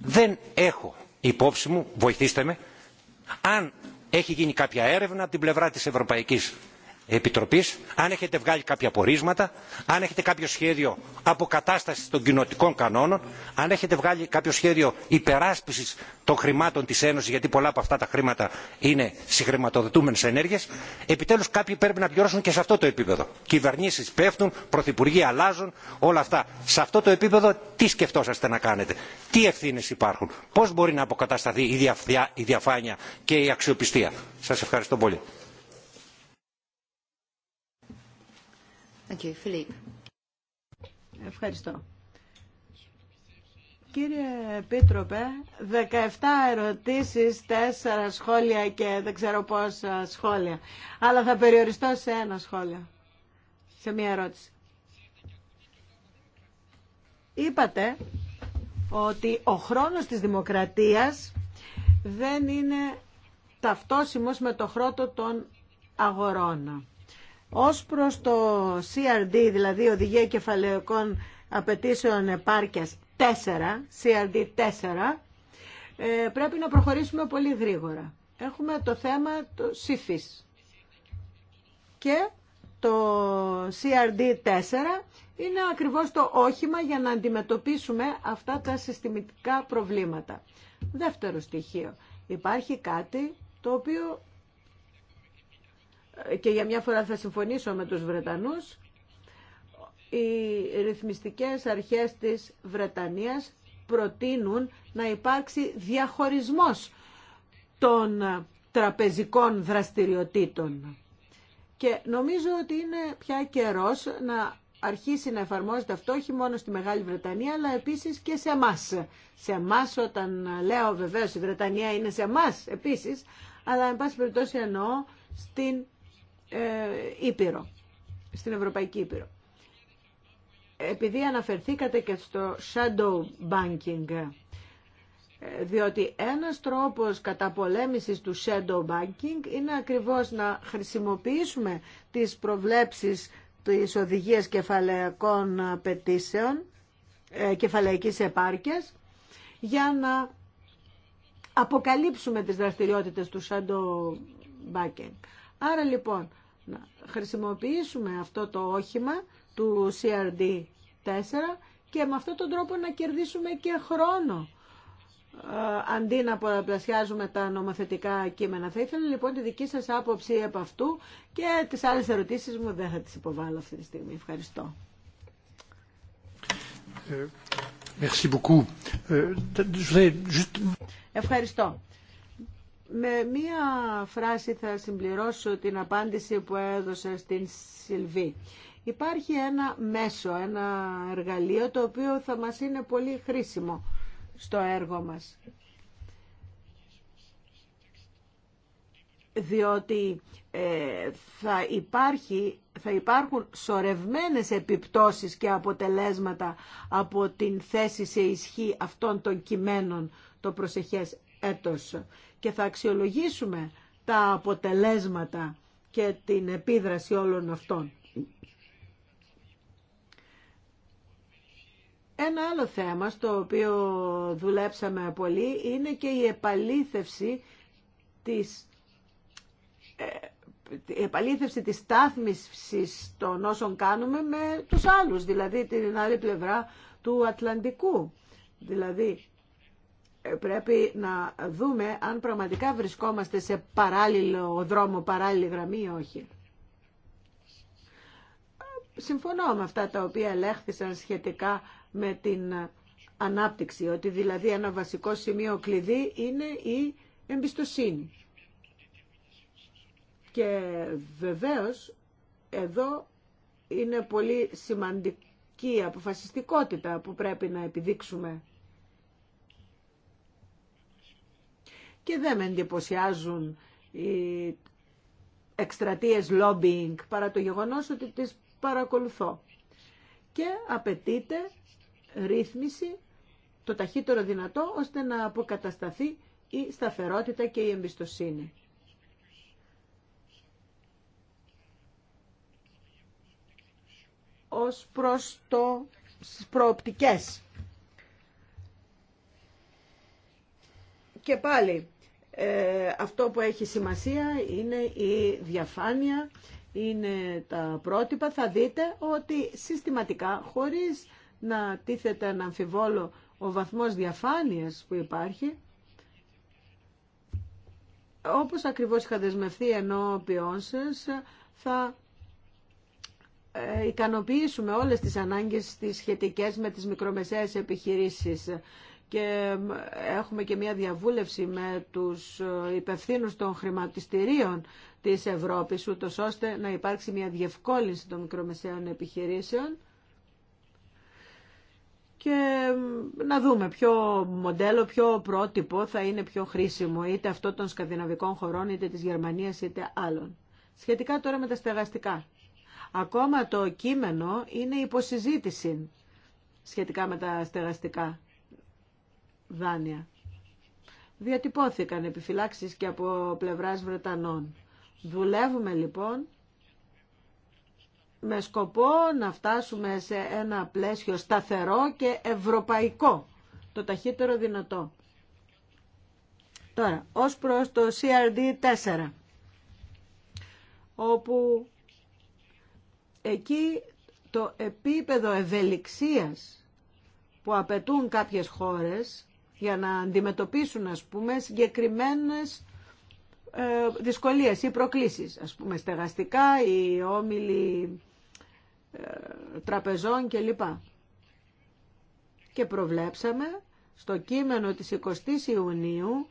Δεν έχω υπόψη μου, βοηθήστε με, αν έχει γίνει κάποια έρευνα από την πλευρά της Ευρωπαϊκής Επιτροπής, αν έχετε βγάλει κάποια πορίσματα, αν έχετε κάποιο σχέδιο αποκατάστασης των κοινοτικών κανόνων, αν έχετε βγάλει κάποιο σχέδιο υπεράσπισης των χρημάτων της Ένωσης, γιατί πολλά από αυτά τα χρήματα είναι συγχρηματοδοτούμενες ενέργειες, επιτέλους κάποιοι πρέπει να πληρώσουν και σε αυτό το επίπεδο. Κυβερνήσεις πέφτουν, πρωθυπουργοί αλλάζουν, όλα αυτά. Σε αυτό το επίπεδο τι σκεφτόσαστε να κάνετε, τι ευθύνες υπάρχουν, πώς μπορεί να αποκατασταθεί η διαφάνεια και η αξιοπιστία. Σας ευχαριστώ πολύ. Ευχαριστώ. Κύριε Επίτροπε, 17 ερωτήσεις, 4 σχόλια και δεν ξέρω πόσα σχόλια. Αλλά θα περιοριστώ σε ένα σχόλιο, σε μία ερώτηση. Είπατε ότι ο χρόνος της δημοκρατίας δεν είναι ταυτόσιμος με το χρόνο των αγορών. Ως προς το CRD, δηλαδή Οδηγία Κεφαλαιοκών Απαιτήσεων Επάρκειας 4, CRD 4, πρέπει να προχωρήσουμε πολύ γρήγορα. Έχουμε το θέμα του ΣΥΦΙΣ και το CRD4 είναι ακριβώς το όχημα για να αντιμετωπίσουμε αυτά τα συστημικά προβλήματα. Δεύτερο στοιχείο. Υπάρχει κάτι το οποίο και για μια φορά θα συμφωνήσω με τους Βρετανούς, οι ρυθμιστικές αρχές της Βρετανίας προτείνουν να υπάρξει διαχωρισμός των τραπεζικών δραστηριοτήτων. Και νομίζω ότι είναι πια καιρός να αρχίσει να εφαρμόζεται αυτό όχι μόνο στη Μεγάλη Βρετανία, αλλά επίσης και σε εμά. Σε εμά, όταν λέω βεβαίω η Βρετανία είναι σε εμά επίσης, αλλά εν πάση περιπτώσει εννοώ στην ε, Ήπειρο, στην Ευρωπαϊκή Ήπειρο. Επειδή αναφερθήκατε και στο shadow banking, ε, διότι ένας τρόπος καταπολέμησης του shadow banking είναι ακριβώς να χρησιμοποιήσουμε τις προβλέψεις της οδηγίας κεφαλαϊκών πετήσεων ε, κεφαλαϊκής επάρκειας, για να αποκαλύψουμε τις δραστηριότητες του shadow banking. Άρα λοιπόν, να χρησιμοποιήσουμε αυτό το όχημα του CRD4 και με αυτόν τον τρόπο να κερδίσουμε και χρόνο ε, αντί να πολλαπλασιάζουμε τα νομοθετικά κείμενα. Θα ήθελα λοιπόν τη δική σας άποψη από αυτού και τις άλλες ερωτήσεις μου δεν θα τις υποβάλω αυτή τη στιγμή. Ευχαριστώ. Ε, ε, Ευχαριστώ. Με μία φράση θα συμπληρώσω την απάντηση που έδωσα στην Σιλβή. Υπάρχει ένα μέσο, ένα εργαλείο το οποίο θα μας είναι πολύ χρήσιμο στο έργο μας. Διότι ε, θα, υπάρχει, θα υπάρχουν σορευμένες επιπτώσεις και αποτελέσματα από την θέση σε ισχύ αυτών των κειμένων το προσεχές έτος και θα αξιολογήσουμε τα αποτελέσματα και την επίδραση όλων αυτών. Ένα άλλο θέμα στο οποίο δουλέψαμε πολύ είναι και η επαλήθευση της ε, η επαλήθευση της στάθμισης των όσων κάνουμε με τους άλλους, δηλαδή την άλλη πλευρά του Ατλαντικού. Δηλαδή, πρέπει να δούμε αν πραγματικά βρισκόμαστε σε παράλληλο δρόμο, παράλληλη γραμμή ή όχι. Συμφωνώ με αυτά τα οποία ελέγχθησαν σχετικά με την ανάπτυξη, ότι δηλαδή ένα βασικό σημείο κλειδί είναι η εμπιστοσύνη. Και βεβαίως εδώ είναι πολύ σημαντική αποφασιστικότητα που πρέπει να επιδείξουμε και δεν με εντυπωσιάζουν οι εκστρατείες lobbying παρά το γεγονός ότι τις παρακολουθώ. Και απαιτείται ρύθμιση το ταχύτερο δυνατό ώστε να αποκατασταθεί η σταθερότητα και η εμπιστοσύνη. Ως προς το προοπτικές Και πάλι, ε, αυτό που έχει σημασία είναι η διαφάνεια, είναι τα πρότυπα. Θα δείτε ότι συστηματικά, χωρίς να τίθεται να αμφιβόλο ο βαθμός διαφάνειας που υπάρχει, όπως ακριβώς είχα δεσμευθεί ενώπιόν σας, θα ε, ικανοποιήσουμε όλες τις ανάγκες τις σχετικές με τις μικρομεσαίες επιχειρήσεις και έχουμε και μια διαβούλευση με τους υπευθύνους των χρηματιστηρίων της Ευρώπης, ούτως ώστε να υπάρξει μια διευκόλυνση των μικρομεσαίων επιχειρήσεων και να δούμε ποιο μοντέλο, ποιο πρότυπο θα είναι πιο χρήσιμο, είτε αυτό των σκανδιναβικών χωρών, είτε της Γερμανίας, είτε άλλων. Σχετικά τώρα με τα στεγαστικά. Ακόμα το κείμενο είναι υποσυζήτηση σχετικά με τα στεγαστικά δάνεια. Διατυπώθηκαν επιφυλάξεις και από πλευράς Βρετανών. Δουλεύουμε λοιπόν με σκοπό να φτάσουμε σε ένα πλαίσιο σταθερό και ευρωπαϊκό, το ταχύτερο δυνατό. Τώρα, ως προς το CRD4, όπου εκεί το επίπεδο ευελιξίας που απαιτούν κάποιες χώρες για να αντιμετωπίσουν ας πούμε συγκεκριμένες ε, δυσκολίες ή προκλήσεις ας πούμε στεγαστικά ή όμιλοι ε, τραπεζών κλπ. Και προβλέψαμε στο κείμενο της 20ης Ιουνίου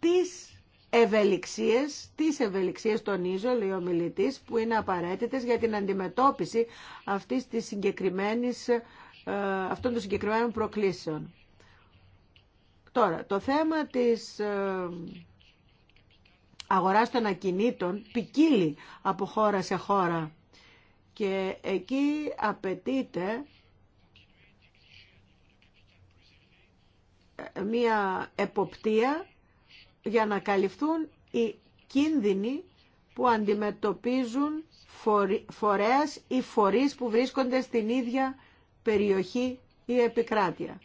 τις ευελιξίες, τις ευελιξίες των λέει οι που είναι απαραίτητες για την αντιμετώπιση αυτής της συγκεκριμένης, ε, αυτών των συγκεκριμένων προκλήσεων. Τώρα, το θέμα της ε, αγοράς των ακινήτων ποικίλει από χώρα σε χώρα και εκεί απαιτείται ε, μία εποπτεία για να καλυφθούν οι κίνδυνοι που αντιμετωπίζουν φορέας ή φορείς που βρίσκονται στην ίδια περιοχή ή επικράτεια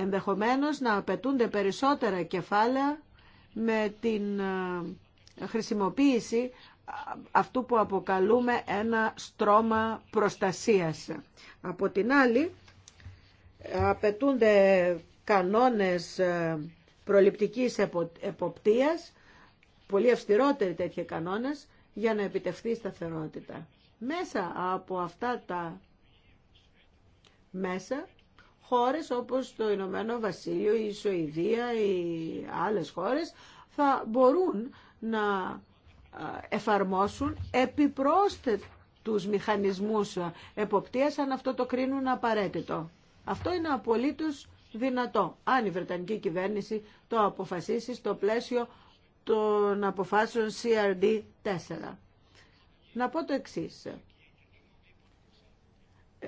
ενδεχομένως να απαιτούνται περισσότερα κεφάλαια με την ε, χρησιμοποίηση αυτού που αποκαλούμε ένα στρώμα προστασίας. Από την άλλη, απαιτούνται κανόνες ε, προληπτικής εποπτείας, πολύ αυστηρότεροι τέτοιοι κανόνες, για να επιτευχθεί η σταθερότητα. Μέσα από αυτά τα μέσα χώρες όπως το Ηνωμένο Βασίλειο, η Σοηδία, ή άλλες χώρες θα μπορούν να ε, εφαρμόσουν επιπρόσθετους μηχανισμούς εποπτείας αν αυτό το κρίνουν απαραίτητο. Αυτό είναι απολύτως δυνατό, αν η Βρετανική κυβέρνηση το αποφασίσει στο πλαίσιο των αποφάσεων CRD4. Να πω το εξής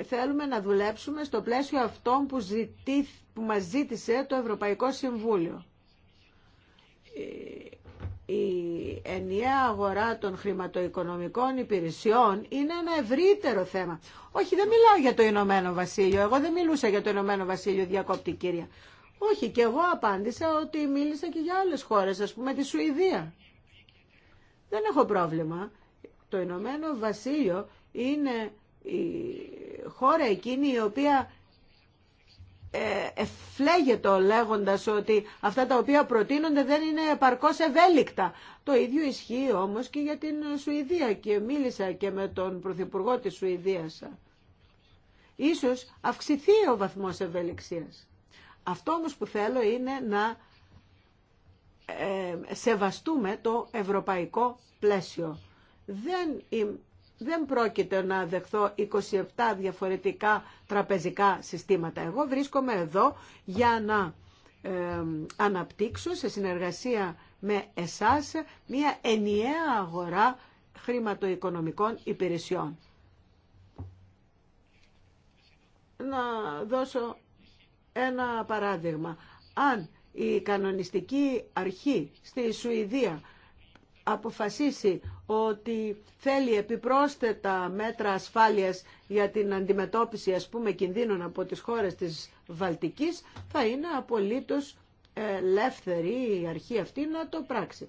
θέλουμε να δουλέψουμε στο πλαίσιο αυτών που, ζητή, που μας ζήτησε το Ευρωπαϊκό Συμβούλιο. Η ενιαία αγορά των χρηματοοικονομικών υπηρεσιών είναι ένα ευρύτερο θέμα. Όχι, δεν μιλάω για το Ηνωμένο Βασίλειο. Εγώ δεν μιλούσα για το Ηνωμένο Βασίλειο, διακόπτη κύρια. Όχι, και εγώ απάντησα ότι μίλησα και για άλλες χώρες, ας πούμε τη Σουηδία. Δεν έχω πρόβλημα. Το Ηνωμένο Βασίλειο είναι χώρα εκείνη η οποία ε, εφλέγεται λέγοντας ότι αυτά τα οποία προτείνονται δεν είναι επαρκώς ευέλικτα. Το ίδιο ισχύει όμως και για την Σουηδία και μίλησα και με τον Πρωθυπουργό της Σουηδίας. Ίσως αυξηθεί ο βαθμός ευελιξίας. Αυτό όμως που θέλω είναι να ε, σεβαστούμε το ευρωπαϊκό πλαίσιο. Δεν δεν πρόκειται να δεχθώ 27 διαφορετικά τραπεζικά συστήματα. Εγώ βρίσκομαι εδώ για να αναπτύξω σε συνεργασία με εσάς μια ενιαία αγορά χρηματοοικονομικών υπηρεσιών. Να δώσω ένα παράδειγμα. Αν η κανονιστική αρχή στη Σουηδία αποφασίσει ότι θέλει επιπρόσθετα μέτρα ασφάλειας για την αντιμετώπιση ας πούμε κινδύνων από τις χώρες της Βαλτικής θα είναι απολύτως ελεύθερη η αρχή αυτή να το πράξει.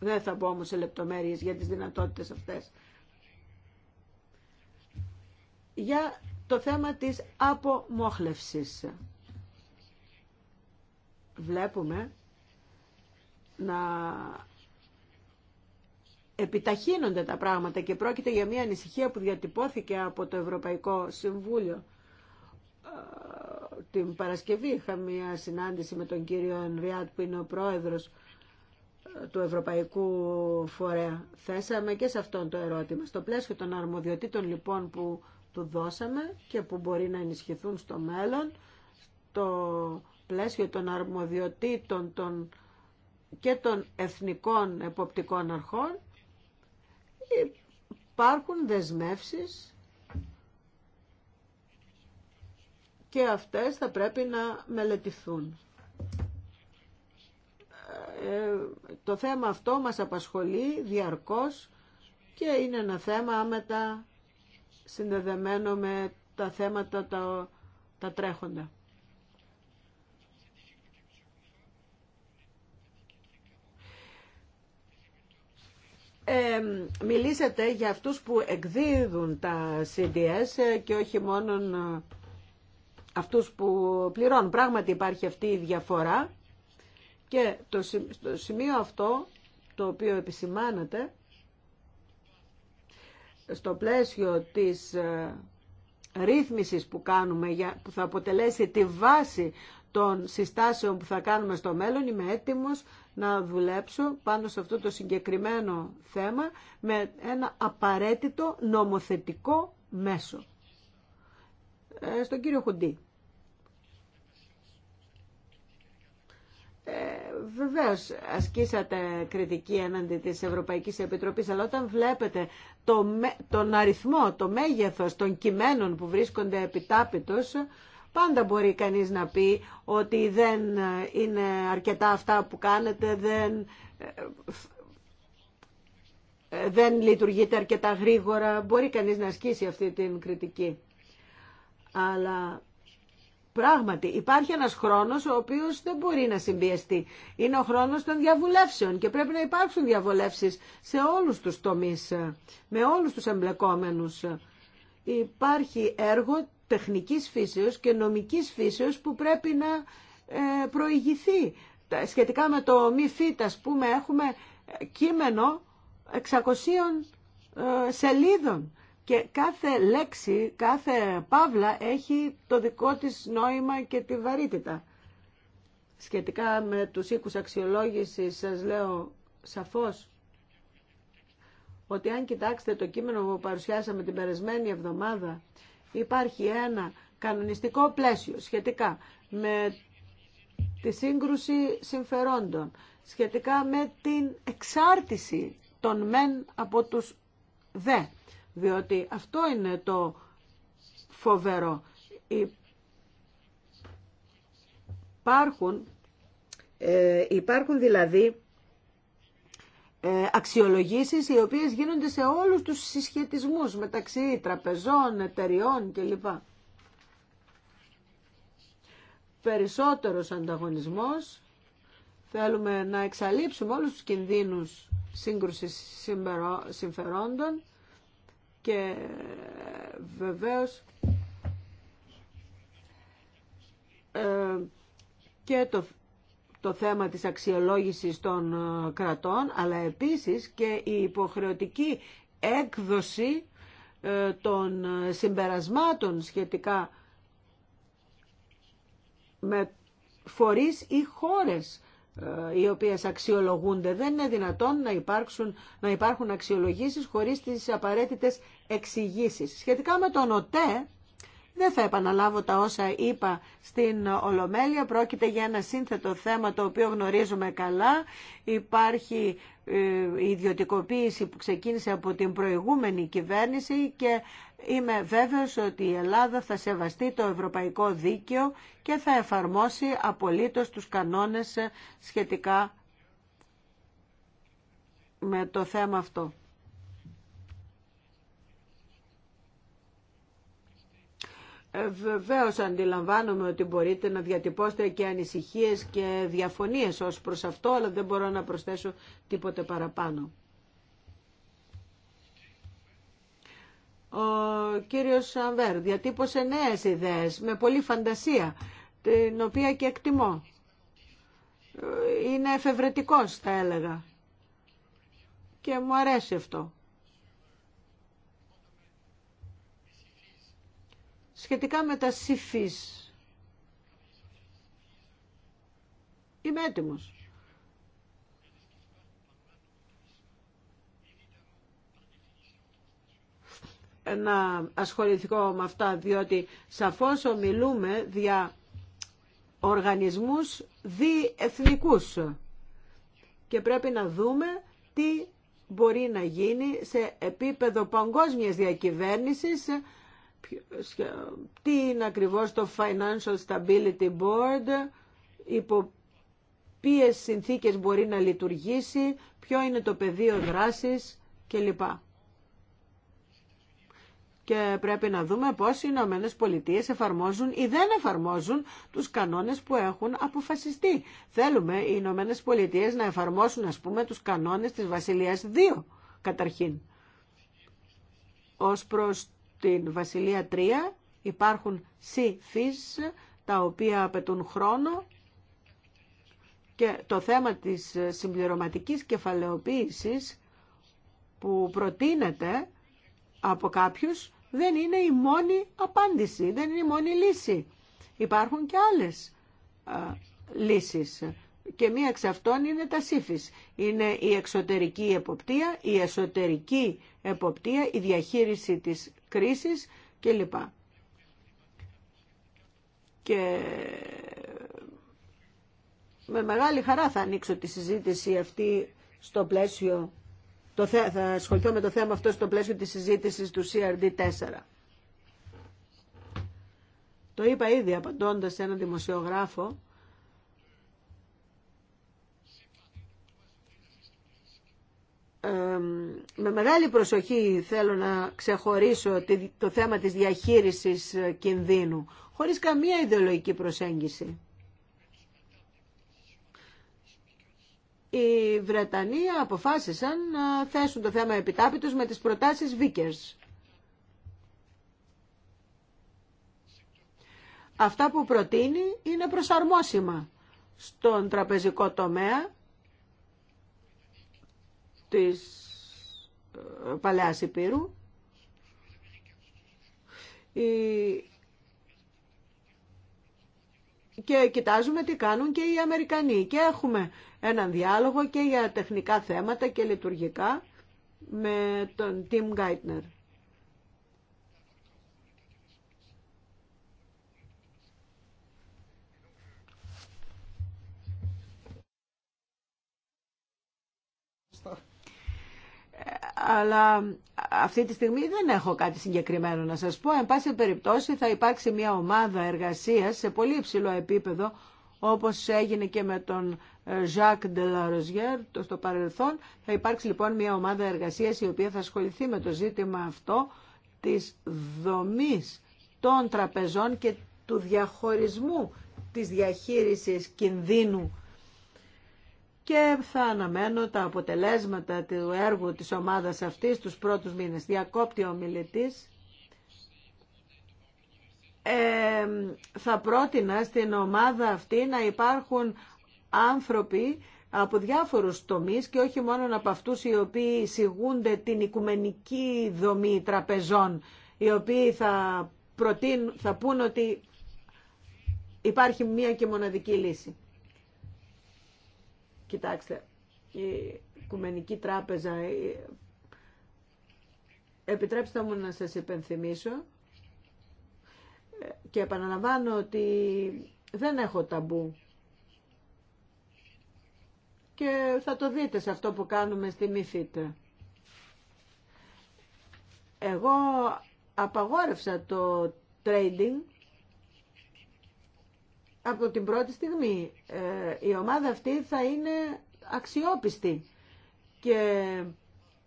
Δεν θα πω όμως σε λεπτομέρειες για τις δυνατότητες αυτές. Για το θέμα της απομόχλευσης. Βλέπουμε να επιταχύνονται τα πράγματα και πρόκειται για μια ανησυχία που διατυπώθηκε από το Ευρωπαϊκό Συμβούλιο. Ε, την Παρασκευή είχα μια συνάντηση με τον κύριο Ενριάτ που είναι ο πρόεδρος ε, του Ευρωπαϊκού Φορέα. Θέσαμε και σε αυτόν το ερώτημα. Στο πλαίσιο των αρμοδιοτήτων λοιπόν που του δώσαμε και που μπορεί να ενισχυθούν στο μέλλον, στο πλαίσιο των αρμοδιοτήτων των και των εθνικών εποπτικών αρχών υπάρχουν δεσμεύσεις και αυτές θα πρέπει να μελετηθούν. Ε, το θέμα αυτό μας απασχολεί διαρκώς και είναι ένα θέμα άμετα συνδεδεμένο με τα θέματα τα, τα τρέχοντα. ε, μιλήσατε για αυτούς που εκδίδουν τα CDS ε, και όχι μόνο ε, αυτούς που πληρώνουν. Πράγματι υπάρχει αυτή η διαφορά και το, το σημείο αυτό το οποίο επισημάνατε στο πλαίσιο της ε, ρύθμισης που κάνουμε που θα αποτελέσει τη βάση των συστάσεων που θα κάνουμε στο μέλλον είμαι έτοιμος να δουλέψω πάνω σε αυτό το συγκεκριμένο θέμα με ένα απαραίτητο νομοθετικό μέσο. Ε, στον κύριο Χουντή. Ε, Βεβαίω ασκήσατε κριτική έναντι της Ευρωπαϊκής Επιτροπής, αλλά όταν βλέπετε το, τον αριθμό, το μέγεθος των κειμένων που βρίσκονται επιτάπητος, Πάντα μπορεί κανείς να πει ότι δεν ε, είναι αρκετά αυτά που κάνετε, δεν, ε, ε, δεν λειτουργείτε αρκετά γρήγορα. Μπορεί κανείς να ασκήσει αυτή την κριτική. Αλλά πράγματι υπάρχει ένας χρόνος ο οποίος δεν μπορεί να συμπιεστεί. Είναι ο χρόνος των διαβουλεύσεων και πρέπει να υπάρξουν διαβουλεύσεις σε όλους τους τομείς, με όλους τους εμπλεκόμενους. Υπάρχει έργο τεχνικής φύσεως και νομικής φύσεως που πρέπει να ε, προηγηθεί. Σχετικά με το μη φύτα, ας πούμε, έχουμε ε, κείμενο 600 ε, σελίδων και κάθε λέξη, κάθε παύλα έχει το δικό της νόημα και τη βαρύτητα. Σχετικά με τους οίκους αξιολόγησης σας λέω σαφώς ότι αν κοιτάξετε το κείμενο που παρουσιάσαμε την περασμένη εβδομάδα υπάρχει ένα κανονιστικό πλαίσιο σχετικά με τη σύγκρουση συμφερόντων, σχετικά με την εξάρτηση των μεν από τους δε, διότι αυτό είναι το φοβερό. Υπάρχουν, ε, υπάρχουν δηλαδή ε, αξιολογήσεις οι οποίες γίνονται σε όλους τους συσχετισμούς μεταξύ τραπεζών, εταιριών κλπ. Περισσότερος ανταγωνισμός. Θέλουμε να εξαλείψουμε όλους τους κινδύνους σύγκρουσης συμφερόντων και ε, βεβαίως ε, και το το θέμα της αξιολόγησης των ε, κρατών, αλλά επίσης και η υποχρεωτική έκδοση ε, των ε, συμπερασμάτων σχετικά με φορείς ή χώρες οι οποίες αξιολογούνται. Δεν είναι δυνατόν να, υπάρξουν, να υπάρχουν αξιολογήσεις χωρίς τις απαραίτητες εξηγήσεις. Σχετικά με τον ΟΤΕ, δεν θα επαναλάβω τα όσα είπα στην Ολομέλεια. Πρόκειται για ένα σύνθετο θέμα το οποίο γνωρίζουμε καλά. Υπάρχει ε, ιδιωτικοποίηση που ξεκίνησε από την προηγούμενη κυβέρνηση και είμαι βέβαιος ότι η Ελλάδα θα σεβαστεί το ευρωπαϊκό δίκαιο και θα εφαρμόσει απολύτως τους κανόνες ε, σχετικά με το θέμα αυτό. Ε, Βεβαίω αντιλαμβάνομαι ότι μπορείτε να διατυπώσετε και ανησυχίες και διαφωνίες ως προς αυτό, αλλά δεν μπορώ να προσθέσω τίποτε παραπάνω. Ο κύριος Ανβέρ διατύπωσε νέες ιδέες με πολλή φαντασία, την οποία και εκτιμώ. Ε, είναι εφευρετικός, θα έλεγα. Και μου αρέσει αυτό. σχετικά με τα ΣΥΦΙΣ. Είμαι έτοιμος. να ασχοληθώ με αυτά, διότι σαφώς ομιλούμε δια οργανισμούς διεθνικούς και πρέπει να δούμε τι μπορεί να γίνει σε επίπεδο παγκόσμιας διακυβέρνησης τι είναι ακριβώς το Financial Stability Board, υπό ποιες συνθήκες μπορεί να λειτουργήσει, ποιο είναι το πεδίο δράσης κλπ. Και πρέπει να δούμε πώς οι Ηνωμένες Πολιτείες εφαρμόζουν ή δεν εφαρμόζουν τους κανόνες που έχουν αποφασιστεί. Θέλουμε οι Ηνωμένες Πολιτείες να εφαρμόσουν, ας πούμε, τους κανόνες της Βασιλείας 2, καταρχήν. Ως προς την Βασιλεία 3 υπάρχουν τα οποία απαιτούν χρόνο και το θέμα της συμπληρωματικής κεφαλαιοποίησης που προτείνεται από κάποιους δεν είναι η μόνη απάντηση, δεν είναι η μόνη λύση. Υπάρχουν και άλλες α, λύσεις και μία εξ αυτών είναι τα σύφης. Είναι η εξωτερική εποπτεία, η εσωτερική εποπτεία, η διαχείριση της κρίσης κλπ. Και με μεγάλη χαρά θα ανοίξω τη συζήτηση αυτή στο πλαίσιο, το, θα ασχοληθώ με το θέμα αυτό στο πλαίσιο της συζήτησης του CRD4. Το είπα ήδη απαντώντας σε έναν δημοσιογράφο με μεγάλη προσοχή θέλω να ξεχωρίσω το θέμα της διαχείρισης ε, κινδύνου, χωρίς καμία ιδεολογική προσέγγιση. Οι Βρετανοί αποφάσισαν να θέσουν το θέμα επιτάπητος με τις προτάσεις Βίκερς. Αυτά που προτείνει είναι προσαρμόσιμα στον τραπεζικό τομέα της ε, Παλαιάς Υπήρου. Και κοιτάζουμε τι κάνουν και οι Αμερικανοί. Και έχουμε έναν διάλογο και για τεχνικά θέματα και λειτουργικά με τον Τιμ Γκάιτνερ. αλλά αυτή τη στιγμή δεν έχω κάτι συγκεκριμένο να σας πω. Εν πάση περιπτώσει θα υπάρξει μια ομάδα εργασίας σε πολύ υψηλό επίπεδο, όπως έγινε και με τον ε, Jacques Ντελαροζιέρ στο παρελθόν. Θα υπάρξει λοιπόν μια ομάδα εργασίας η οποία θα ασχοληθεί με το ζήτημα αυτό της δομής των τραπεζών και του διαχωρισμού της διαχείρισης κινδύνου και θα αναμένω τα αποτελέσματα του έργου της ομάδας αυτής τους πρώτους μήνες. Διακόπτει ο μιλητής. Ε, θα πρότεινα στην ομάδα αυτή να υπάρχουν άνθρωποι από διάφορους τομείς και όχι μόνο από αυτούς οι οποίοι σιγούνται την οικουμενική δομή τραπεζών, οι οποίοι θα, θα πούν ότι υπάρχει μία και μοναδική λύση. Κοιτάξτε, η Οικουμενική Τράπεζα, επιτρέψτε μου να σας υπενθυμίσω ε, και επαναλαμβάνω ότι δεν έχω ταμπού. Και θα το δείτε σε αυτό που κάνουμε στη Μυθήτα. Εγώ απαγόρευσα το trading από την πρώτη στιγμή. Ε, η ομάδα αυτή θα είναι αξιόπιστη και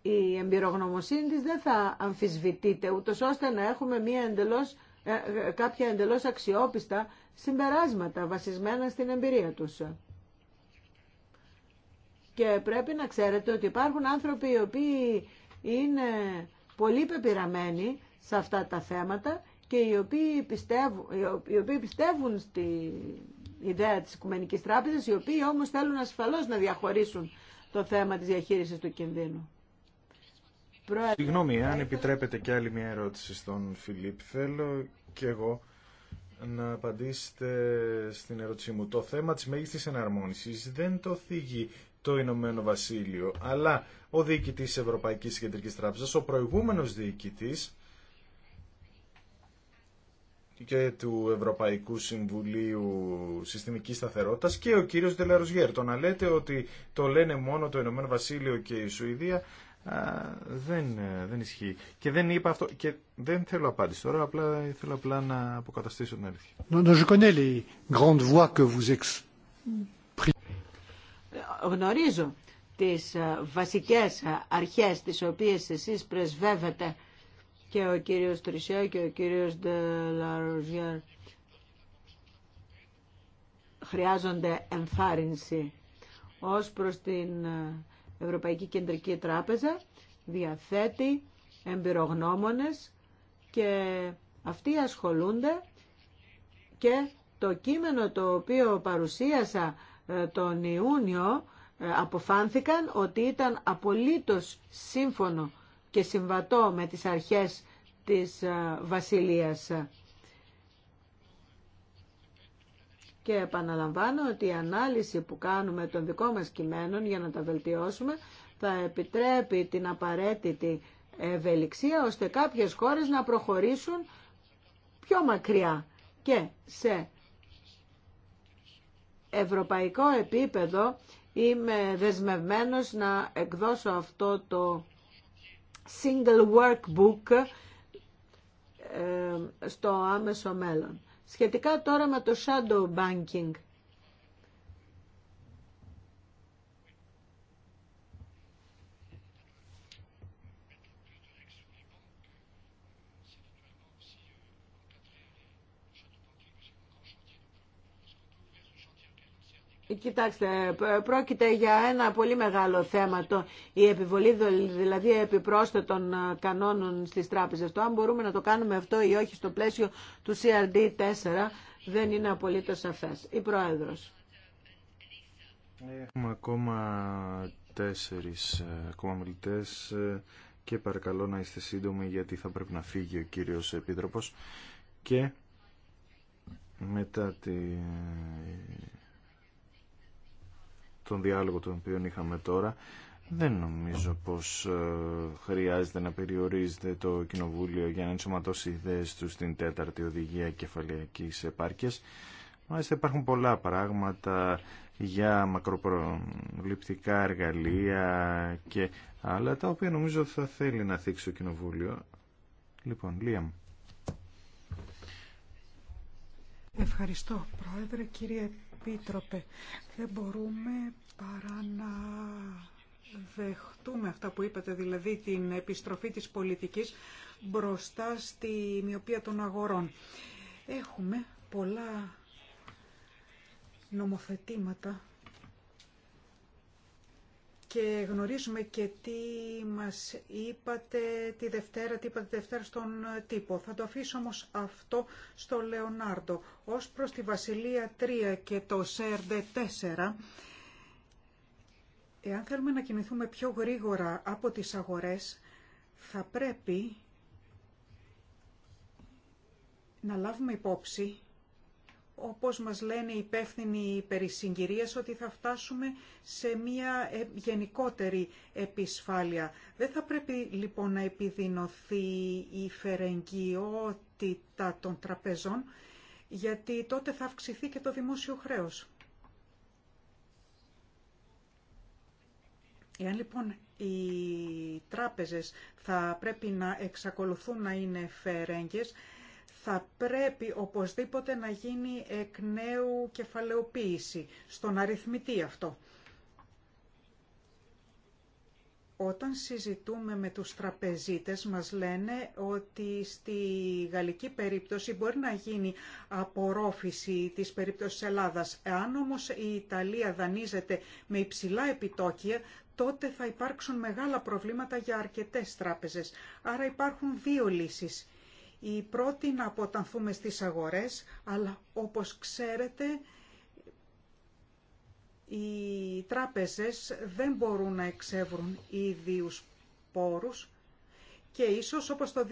η εμπειρογνωμοσύνη της δεν θα αμφισβητείται, ούτως ώστε να έχουμε μια εντελώς, ε, ε, κάποια εντελώς αξιόπιστα συμπεράσματα βασισμένα στην εμπειρία τους. Και πρέπει να ξέρετε ότι υπάρχουν άνθρωποι οι οποίοι είναι πολύ πεπειραμένοι σε αυτά τα θέματα και οι οποίοι πιστεύουν, οι οποίοι πιστεύουν στη ιδέα της Οικουμενικής Τράπεζας, οι οποίοι όμως θέλουν ασφαλώς να διαχωρίσουν το θέμα της διαχείρισης του κινδύνου. Συγγνώμη, αν επιτρέπετε και άλλη μια ερώτηση στον Φιλίπ, θέλω και εγώ να απαντήσετε στην ερώτησή μου. Το θέμα της μέγιστης εναρμόνισης δεν το θίγει το Ηνωμένο Βασίλειο, αλλά ο διοικητής Ευρωπαϊκής Κεντρικής Τράπεζας, ο προηγούμενος διοικητής, και του Ευρωπαϊκού Συμβουλίου Συστημικής Σταθερότητας και ο κύριος Τελαρουζιέρ. Το να λέτε ότι το λένε μόνο το Ηνωμένο Βασίλειο και η Σουηδία δεν, ε, δεν ισχύει. Και δεν είπα αυτό και δεν θέλω απάντηση τώρα, απλά θέλω απλά να αποκαταστήσω την αλήθεια. Γνωρίζω τις ε, βασικές ε, αρχές τις οποίες εσείς πρεσβεύετε και ο κύριος Τρισέ και ο κύριος Ντελαροζιέρ χρειάζονται ενθάρρυνση ως προς την Ευρωπαϊκή Κεντρική Τράπεζα διαθέτει εμπειρογνώμονες και αυτοί ασχολούνται και το κείμενο το οποίο παρουσίασα ε, τον Ιούνιο ε, αποφάνθηκαν ότι ήταν απολύτως σύμφωνο και συμβατό με τις αρχές της ε, Βασιλείας. Και επαναλαμβάνω ότι η ανάλυση που κάνουμε των δικών μας κειμένων για να τα βελτιώσουμε θα επιτρέπει την απαραίτητη ευελιξία ώστε κάποιες χώρες να προχωρήσουν πιο μακριά και σε ευρωπαϊκό επίπεδο είμαι δεσμευμένος να εκδώσω αυτό το single workbook ε, στο άμεσο μέλλον. Σχετικά τώρα με το shadow banking Κοιτάξτε, πρόκειται για ένα πολύ μεγάλο θέμα το, η επιβολή δηλαδή επιπρόσθετων ε, κανόνων στις τράπεζες. Το αν μπορούμε να το κάνουμε αυτό ή όχι στο πλαίσιο του CRD4 δεν είναι απολύτως σαφές. Η Πρόεδρος. Έχουμε ακόμα τέσσερις ε, ακόμα μιλητές ε, και παρακαλώ να είστε σύντομοι γιατί θα πρέπει να φύγει ο κύριος Επίτροπος και μετά τη τον διάλογο τον οποίο είχαμε τώρα, δεν νομίζω πως ε, χρειάζεται να περιορίζεται το Κοινοβούλιο για να ενσωματώσει ιδέες του στην τέταρτη οδηγία κεφαλιακής επάρκειας. Μάλιστα υπάρχουν πολλά πράγματα για μακροπροληπτικά εργαλεία και άλλα, τα οποία νομίζω θα θέλει να θίξει το Κοινοβούλιο. Λοιπόν, μου. Ευχαριστώ, Πρόεδρε. Κύριε Επίτροπε, δεν μπορούμε παρά να δεχτούμε αυτά που είπατε, δηλαδή την επιστροφή της πολιτικής μπροστά στη μοιοπία των αγορών. Έχουμε πολλά νομοθετήματα και γνωρίζουμε και τι μας είπατε τη Δευτέρα, τι είπατε τη Δευτέρα στον τύπο. Θα το αφήσω όμως αυτό στο Λεωνάρντο. Ως προς τη Βασιλεία 3 και το ΣΕΡΔΕ 4, εάν θέλουμε να κινηθούμε πιο γρήγορα από τις αγορές, θα πρέπει να λάβουμε υπόψη όπως μας λένε οι υπεύθυνοι περί συγκυρίας, ότι θα φτάσουμε σε μια ε, γενικότερη επισφάλεια. Δεν θα πρέπει λοιπόν να επιδεινωθεί η φερεγγιότητα των τραπεζών, γιατί τότε θα αυξηθεί και το δημόσιο χρέος. Εάν λοιπόν οι τράπεζες θα πρέπει να εξακολουθούν να είναι φερέγγες, θα πρέπει οπωσδήποτε να γίνει εκ νέου κεφαλαιοποίηση, στον αριθμητή αυτό. Όταν συζητούμε με τους τραπεζίτες μας λένε ότι στη γαλλική περίπτωση μπορεί να γίνει απορρόφηση της περίπτωσης Ελλάδας. Εάν όμως η Ιταλία δανείζεται με υψηλά επιτόκια, τότε θα υπάρξουν μεγάλα προβλήματα για αρκετές τράπεζες. Άρα υπάρχουν δύο λύσεις η πρώτοι να αποτανθούμε στις αγορές, αλλά όπως ξέρετε οι τράπεζες δεν μπορούν να εξεύρουν ιδίους πόρους και ίσως όπως το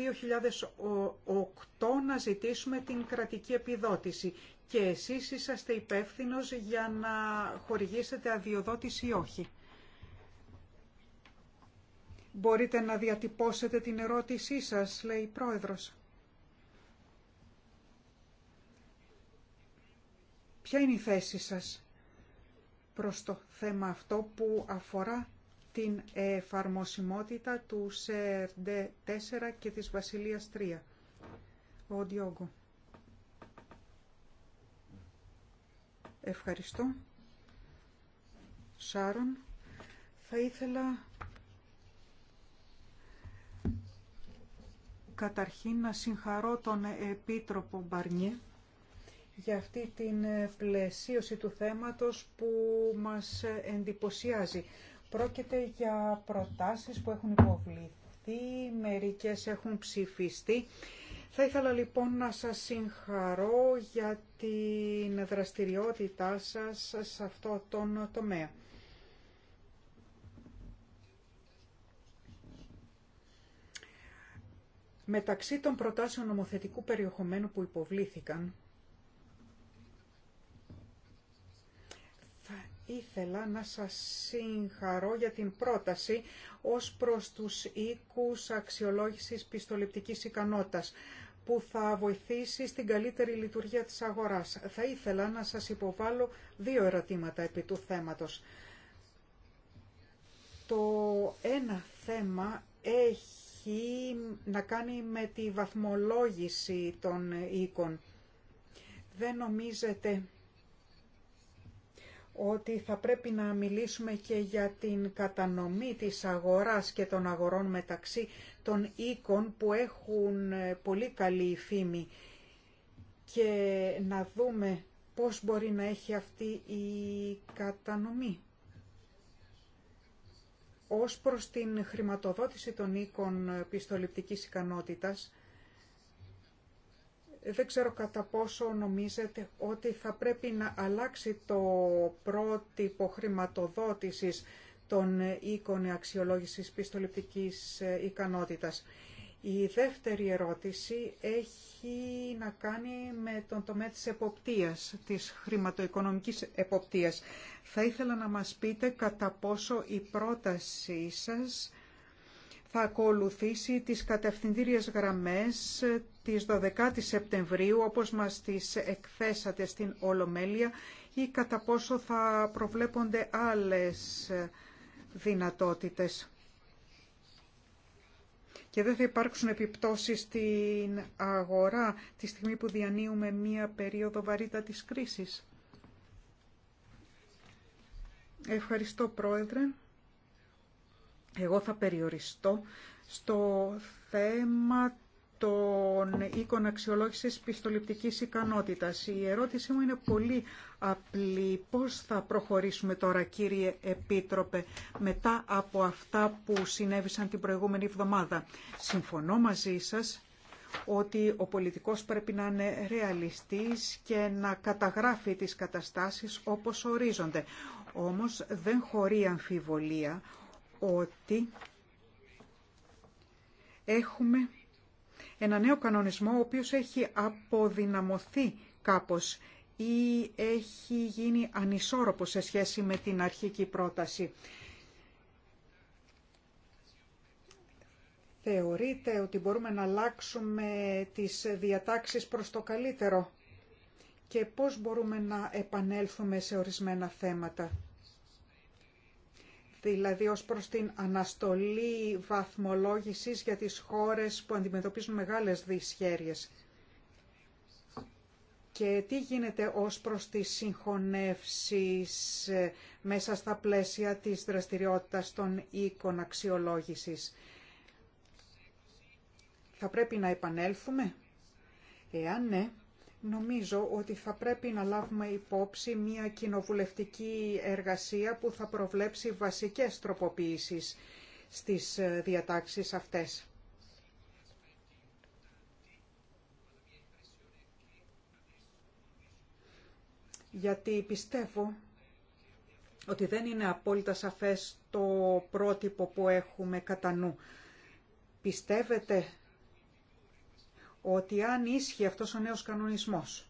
2008 να ζητήσουμε την κρατική επιδότηση και εσείς είσαστε υπεύθυνο για να χορηγήσετε αδειοδότηση ή όχι. Μπορείτε να διατυπώσετε την ερώτησή σας, λέει η πρόεδρος. Ποια είναι η θέση σας προς το θέμα αυτό που αφορά την εφαρμοσιμότητα του ΣΕΡΔΕ 4 και της Βασιλείας 3. Ο Διόγκο. Ευχαριστώ. Σάρον, θα ήθελα καταρχήν να συγχαρώ τον Επίτροπο Μπαρνιέ για αυτή την ε, πλαισίωση του θέματος που μας ε, εντυπωσιάζει. Πρόκειται για προτάσεις που έχουν υποβληθεί, μερικές έχουν ψηφιστεί. Θα ήθελα λοιπόν να σας συγχαρώ για την δραστηριότητά σας σε αυτό τον τομέα. Μεταξύ των προτάσεων νομοθετικού περιεχομένου που υποβλήθηκαν, ήθελα να σας συγχαρώ για την πρόταση ως προς τους οίκους αξιολόγησης πιστοληπτικής ικανότητας που θα βοηθήσει στην καλύτερη λειτουργία της αγοράς. Θα ήθελα να σας υποβάλω δύο ερωτήματα επί του θέματος. Το ένα θέμα έχει να κάνει με τη βαθμολόγηση των οίκων. Δεν νομίζετε ότι θα πρέπει να μιλήσουμε και για την κατανομή της αγοράς και των αγορών μεταξύ των οίκων που έχουν ε, πολύ καλή φήμη και να δούμε πώς μπορεί να έχει αυτή η κατανομή. Ως προς την χρηματοδότηση των οίκων πιστοληπτικής ικανότητας, δεν ξέρω κατά πόσο νομίζετε ότι θα πρέπει να αλλάξει το πρότυπο χρηματοδότησης των οίκων αξιολόγησης πιστοληπτικής ε, ικανότητας. Η δεύτερη ερώτηση έχει να κάνει με τον τομέα της εποπτείας, της χρηματοοικονομικής εποπτείας. Θα ήθελα να μας πείτε κατά πόσο η πρότασή σας θα ακολουθήσει τις κατευθυντήριες γραμμές της 12 η Σεπτεμβρίου, όπως μας τις εκθέσατε στην Ολομέλεια, ή κατά πόσο θα προβλέπονται άλλες δυνατότητες. Και δεν θα υπάρξουν επιπτώσεις στην αγορά τη στιγμή που διανύουμε μία περίοδο βαρύτατης της κρίσης. Ευχαριστώ, Πρόεδρε. Εγώ θα περιοριστώ στο θέμα των οίκων αξιολόγησης πιστοληπτικής ικανότητας. Η ερώτησή μου είναι πολύ απλή. Πώς θα προχωρήσουμε τώρα, κύριε Επίτροπε, μετά από αυτά που συνέβησαν την προηγούμενη εβδομάδα. Συμφωνώ μαζί σας ότι ο πολιτικός πρέπει να είναι ρεαλιστής και να καταγράφει τις καταστάσεις όπως ορίζονται. Όμως δεν χωρεί αμφιβολία ότι έχουμε ένα νέο κανονισμό ο οποίος έχει αποδυναμωθεί κάπως ή έχει γίνει ανισόρροπο σε σχέση με την αρχική πρόταση. Θεωρείτε ότι μπορούμε να αλλάξουμε τις διατάξεις προς το καλύτερο και πώς μπορούμε να επανέλθουμε σε ορισμένα θέματα δηλαδή ως προς την αναστολή βαθμολόγησης για τις χώρες που αντιμετωπίζουν μεγάλες δυσχέρειες. Και τι γίνεται ως προς τις συγχωνεύσεις ε, μέσα στα πλαίσια της δραστηριότητας των οίκων αξιολόγησης. Θα πρέπει να επανέλθουμε. Εάν ναι, Νομίζω ότι θα πρέπει να λάβουμε υπόψη μια κοινοβουλευτική εργασία που θα προβλέψει βασικές τροποποίησεις στις ε, διατάξεις αυτές. Γιατί πιστεύω ότι δεν είναι απόλυτα σαφές το πρότυπο που έχουμε κατά νου. Πιστεύετε ότι αν ίσχυε αυτός ο νέος κανονισμός,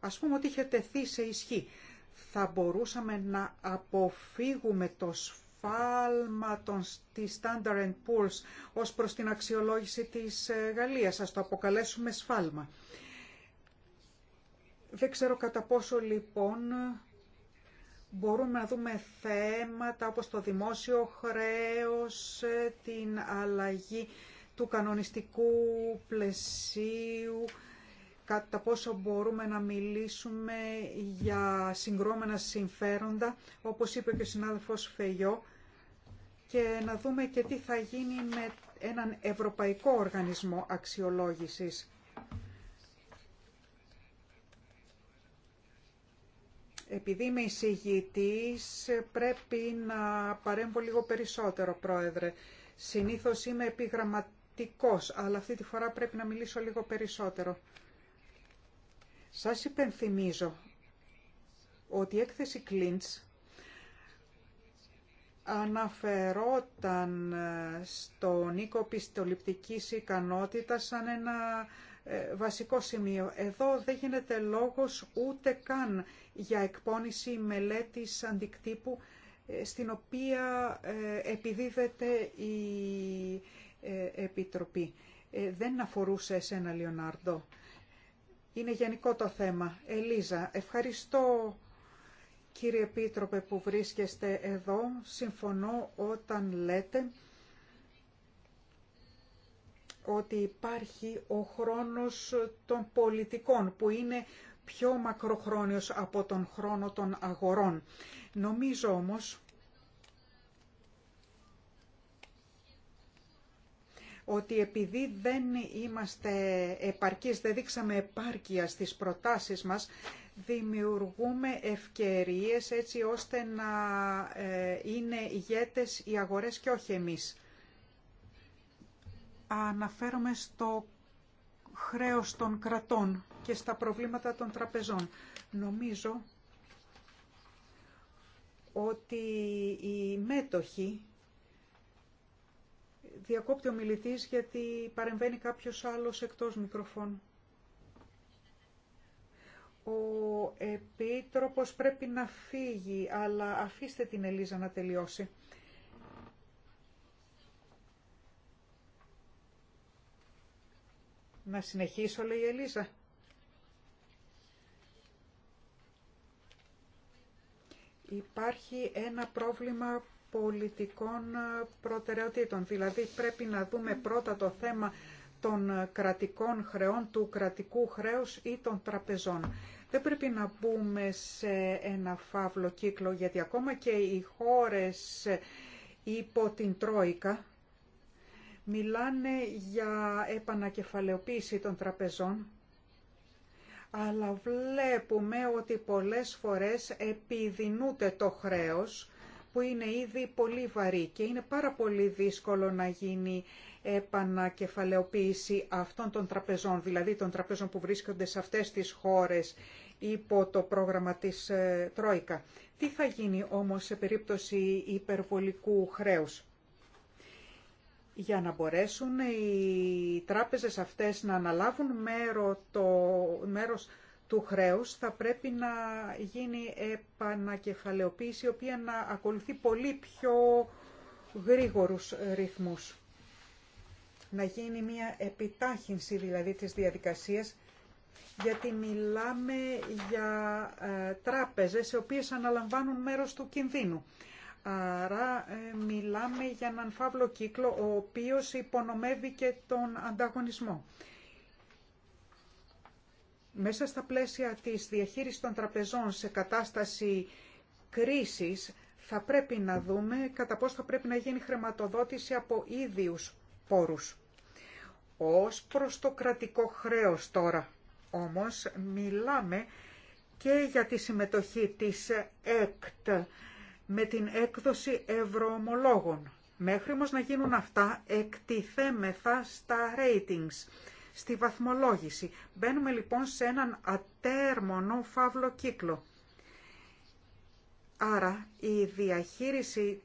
ας πούμε ότι είχε τεθεί σε ισχύ, θα μπορούσαμε να αποφύγουμε το σφάλμα των της Standard Poor's ως προς την αξιολόγηση της ε, Γαλλίας, ας το αποκαλέσουμε σφάλμα. Δεν ξέρω κατά πόσο λοιπόν μπορούμε να δούμε θέματα όπως το δημόσιο χρέος, ε, την αλλαγή του κανονιστικού πλαισίου, κατά πόσο μπορούμε να μιλήσουμε για συγκρόμενα συμφέροντα, όπως είπε και ο συνάδελφος Φεγιό, και να δούμε και τι θα γίνει με έναν ευρωπαϊκό οργανισμό αξιολόγησης. Επειδή είμαι εισηγητής, πρέπει να παρέμβω λίγο περισσότερο, Πρόεδρε. Συνήθως είμαι επιγραμματικός αλλά αυτή τη φορά πρέπει να μιλήσω λίγο περισσότερο. Σας υπενθυμίζω ότι η έκθεση Κλίντς αναφερόταν στον οίκο πιστοληπτικής ικανότητα σαν ένα ε, βασικό σημείο. Εδώ δεν γίνεται λόγος ούτε καν για εκπόνηση μελέτης αντικτύπου ε, στην οποία ε, επιδίδεται η ε, επιτροπή. Ε, δεν αφορούσε εσένα, Λιονάρντο. Είναι γενικό το θέμα. Ελίζα, ευχαριστώ κύριε Επίτροπε που βρίσκεστε εδώ. Συμφωνώ όταν λέτε ότι υπάρχει ο χρόνος των πολιτικών που είναι πιο μακροχρόνιος από τον χρόνο των αγορών. Νομίζω όμως ότι επειδή δεν είμαστε επαρκείς, δεν δείξαμε επάρκεια στις προτάσεις μας, δημιουργούμε ευκαιρίες έτσι ώστε να ε, είναι ηγέτες οι αγορές και όχι εμείς. Αναφέρομαι στο χρέος των κρατών και στα προβλήματα των τραπεζών. Νομίζω ότι οι μέτοχοι Διακόπτει ο μιλητής γιατί παρεμβαίνει κάποιος άλλος εκτός μικροφών. Ο Επίτροπος πρέπει να φύγει, αλλά αφήστε την Ελίζα να τελειώσει. Να συνεχίσω, λέει η Ελίζα. Υπάρχει ένα πρόβλημα πολιτικών προτεραιοτήτων. Δηλαδή πρέπει να δούμε πρώτα το θέμα των κρατικών χρεών, του κρατικού χρέους ή των τραπεζών. Δεν πρέπει να μπούμε σε ένα φαύλο κύκλο, γιατί ακόμα και οι χώρες υπό την Τρόικα μιλάνε για επανακεφαλαιοποίηση των τραπεζών, αλλά βλέπουμε ότι πολλές φορές επιδεινούνται το χρέος που είναι ήδη πολύ βαρύ και είναι πάρα πολύ δύσκολο να γίνει επανακεφαλαιοποίηση αυτών των τραπεζών, δηλαδή των τραπεζών που βρίσκονται σε αυτές τις χώρες υπό το πρόγραμμα της ε, Τρόικα. Τι θα γίνει όμως σε περίπτωση υπερβολικού χρέους. Για να μπορέσουν οι τράπεζες αυτές να αναλάβουν μέρο το, μέρος του χρέους θα πρέπει να γίνει επανακεφαλαιοποίηση η οποία να ακολουθεί πολύ πιο γρήγορους ρυθμούς. Να γίνει μια επιτάχυνση δηλαδή της διαδικασίας γιατί μιλάμε για ε, τράπεζες οι οποίες αναλαμβάνουν μέρος του κινδύνου. Άρα ε, μιλάμε για έναν φαύλο κύκλο ο οποίος υπονομεύει και τον ανταγωνισμό. Μέσα στα πλαίσια της διαχείρισης των τραπεζών σε κατάσταση κρίσης θα πρέπει να δούμε κατά πώς θα πρέπει να γίνει χρηματοδότηση από ίδιους πόρους. Ως προς το κρατικό χρέος τώρα όμως μιλάμε και για τη συμμετοχή της ΕΚΤ με την έκδοση ευρωομολόγων. Μέχρι όμως να γίνουν αυτά εκτιθέμεθα στα ratings στη βαθμολόγηση. Μπαίνουμε λοιπόν σε έναν ατέρμονο φαύλο κύκλο. Άρα η διαχείριση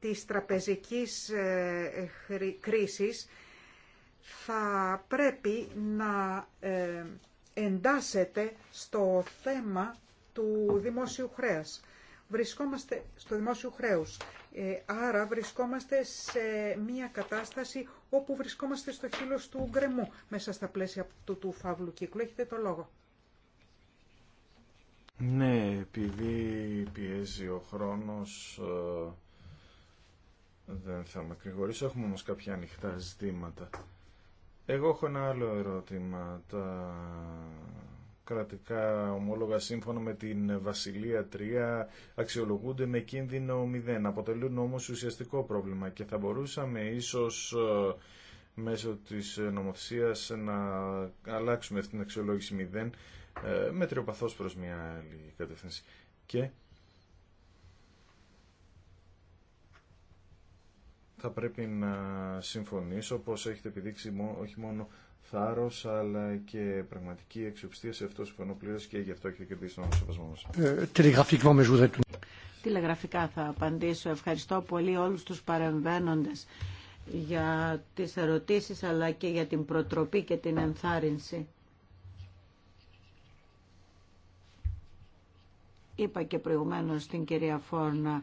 της τραπεζικής ε, κρίσης θα πρέπει να ε, εντάσσεται στο θέμα του δημόσιου χρέους. Βρισκόμαστε στο δημόσιο χρέος. Ε, άρα βρισκόμαστε σε μια κατάσταση όπου βρισκόμαστε στο χείλος του γκρεμού μέσα στα πλαίσια του, του φαύλου κύκλου. Έχετε το λόγο. Ναι, επειδή πιέζει ο χρόνος ε, δεν θα με Έχουμε όμως κάποια ανοιχτά ζητήματα. Εγώ έχω ένα άλλο ερώτημα. Τα κρατικά ομόλογα σύμφωνα με την Βασιλεία 3 αξιολογούνται με κίνδυνο 0. Αποτελούν όμως ουσιαστικό πρόβλημα και θα μπορούσαμε ίσως ε, μέσω της ε, νομοθεσίας να αλλάξουμε αυτήν την αξιολόγηση 0 ε, με τριοπαθώς προς μια άλλη κατεύθυνση. Και θα πρέπει να συμφωνήσω πως έχετε επιδείξει όχι μόνο θάρρος αλλά και πραγματική εξοπιστία σε αυτό που και γι' αυτό έχει κερδίσει τον σεβασμό μα. Ε, τηλεγραφικά θα απαντήσω. Ευχαριστώ πολύ όλου του παρεμβαίνοντε για τι ερωτήσει, αλλά και για την προτροπή και την ενθάρρυνση. Είπα και προηγουμένως στην κυρία Φόρνα,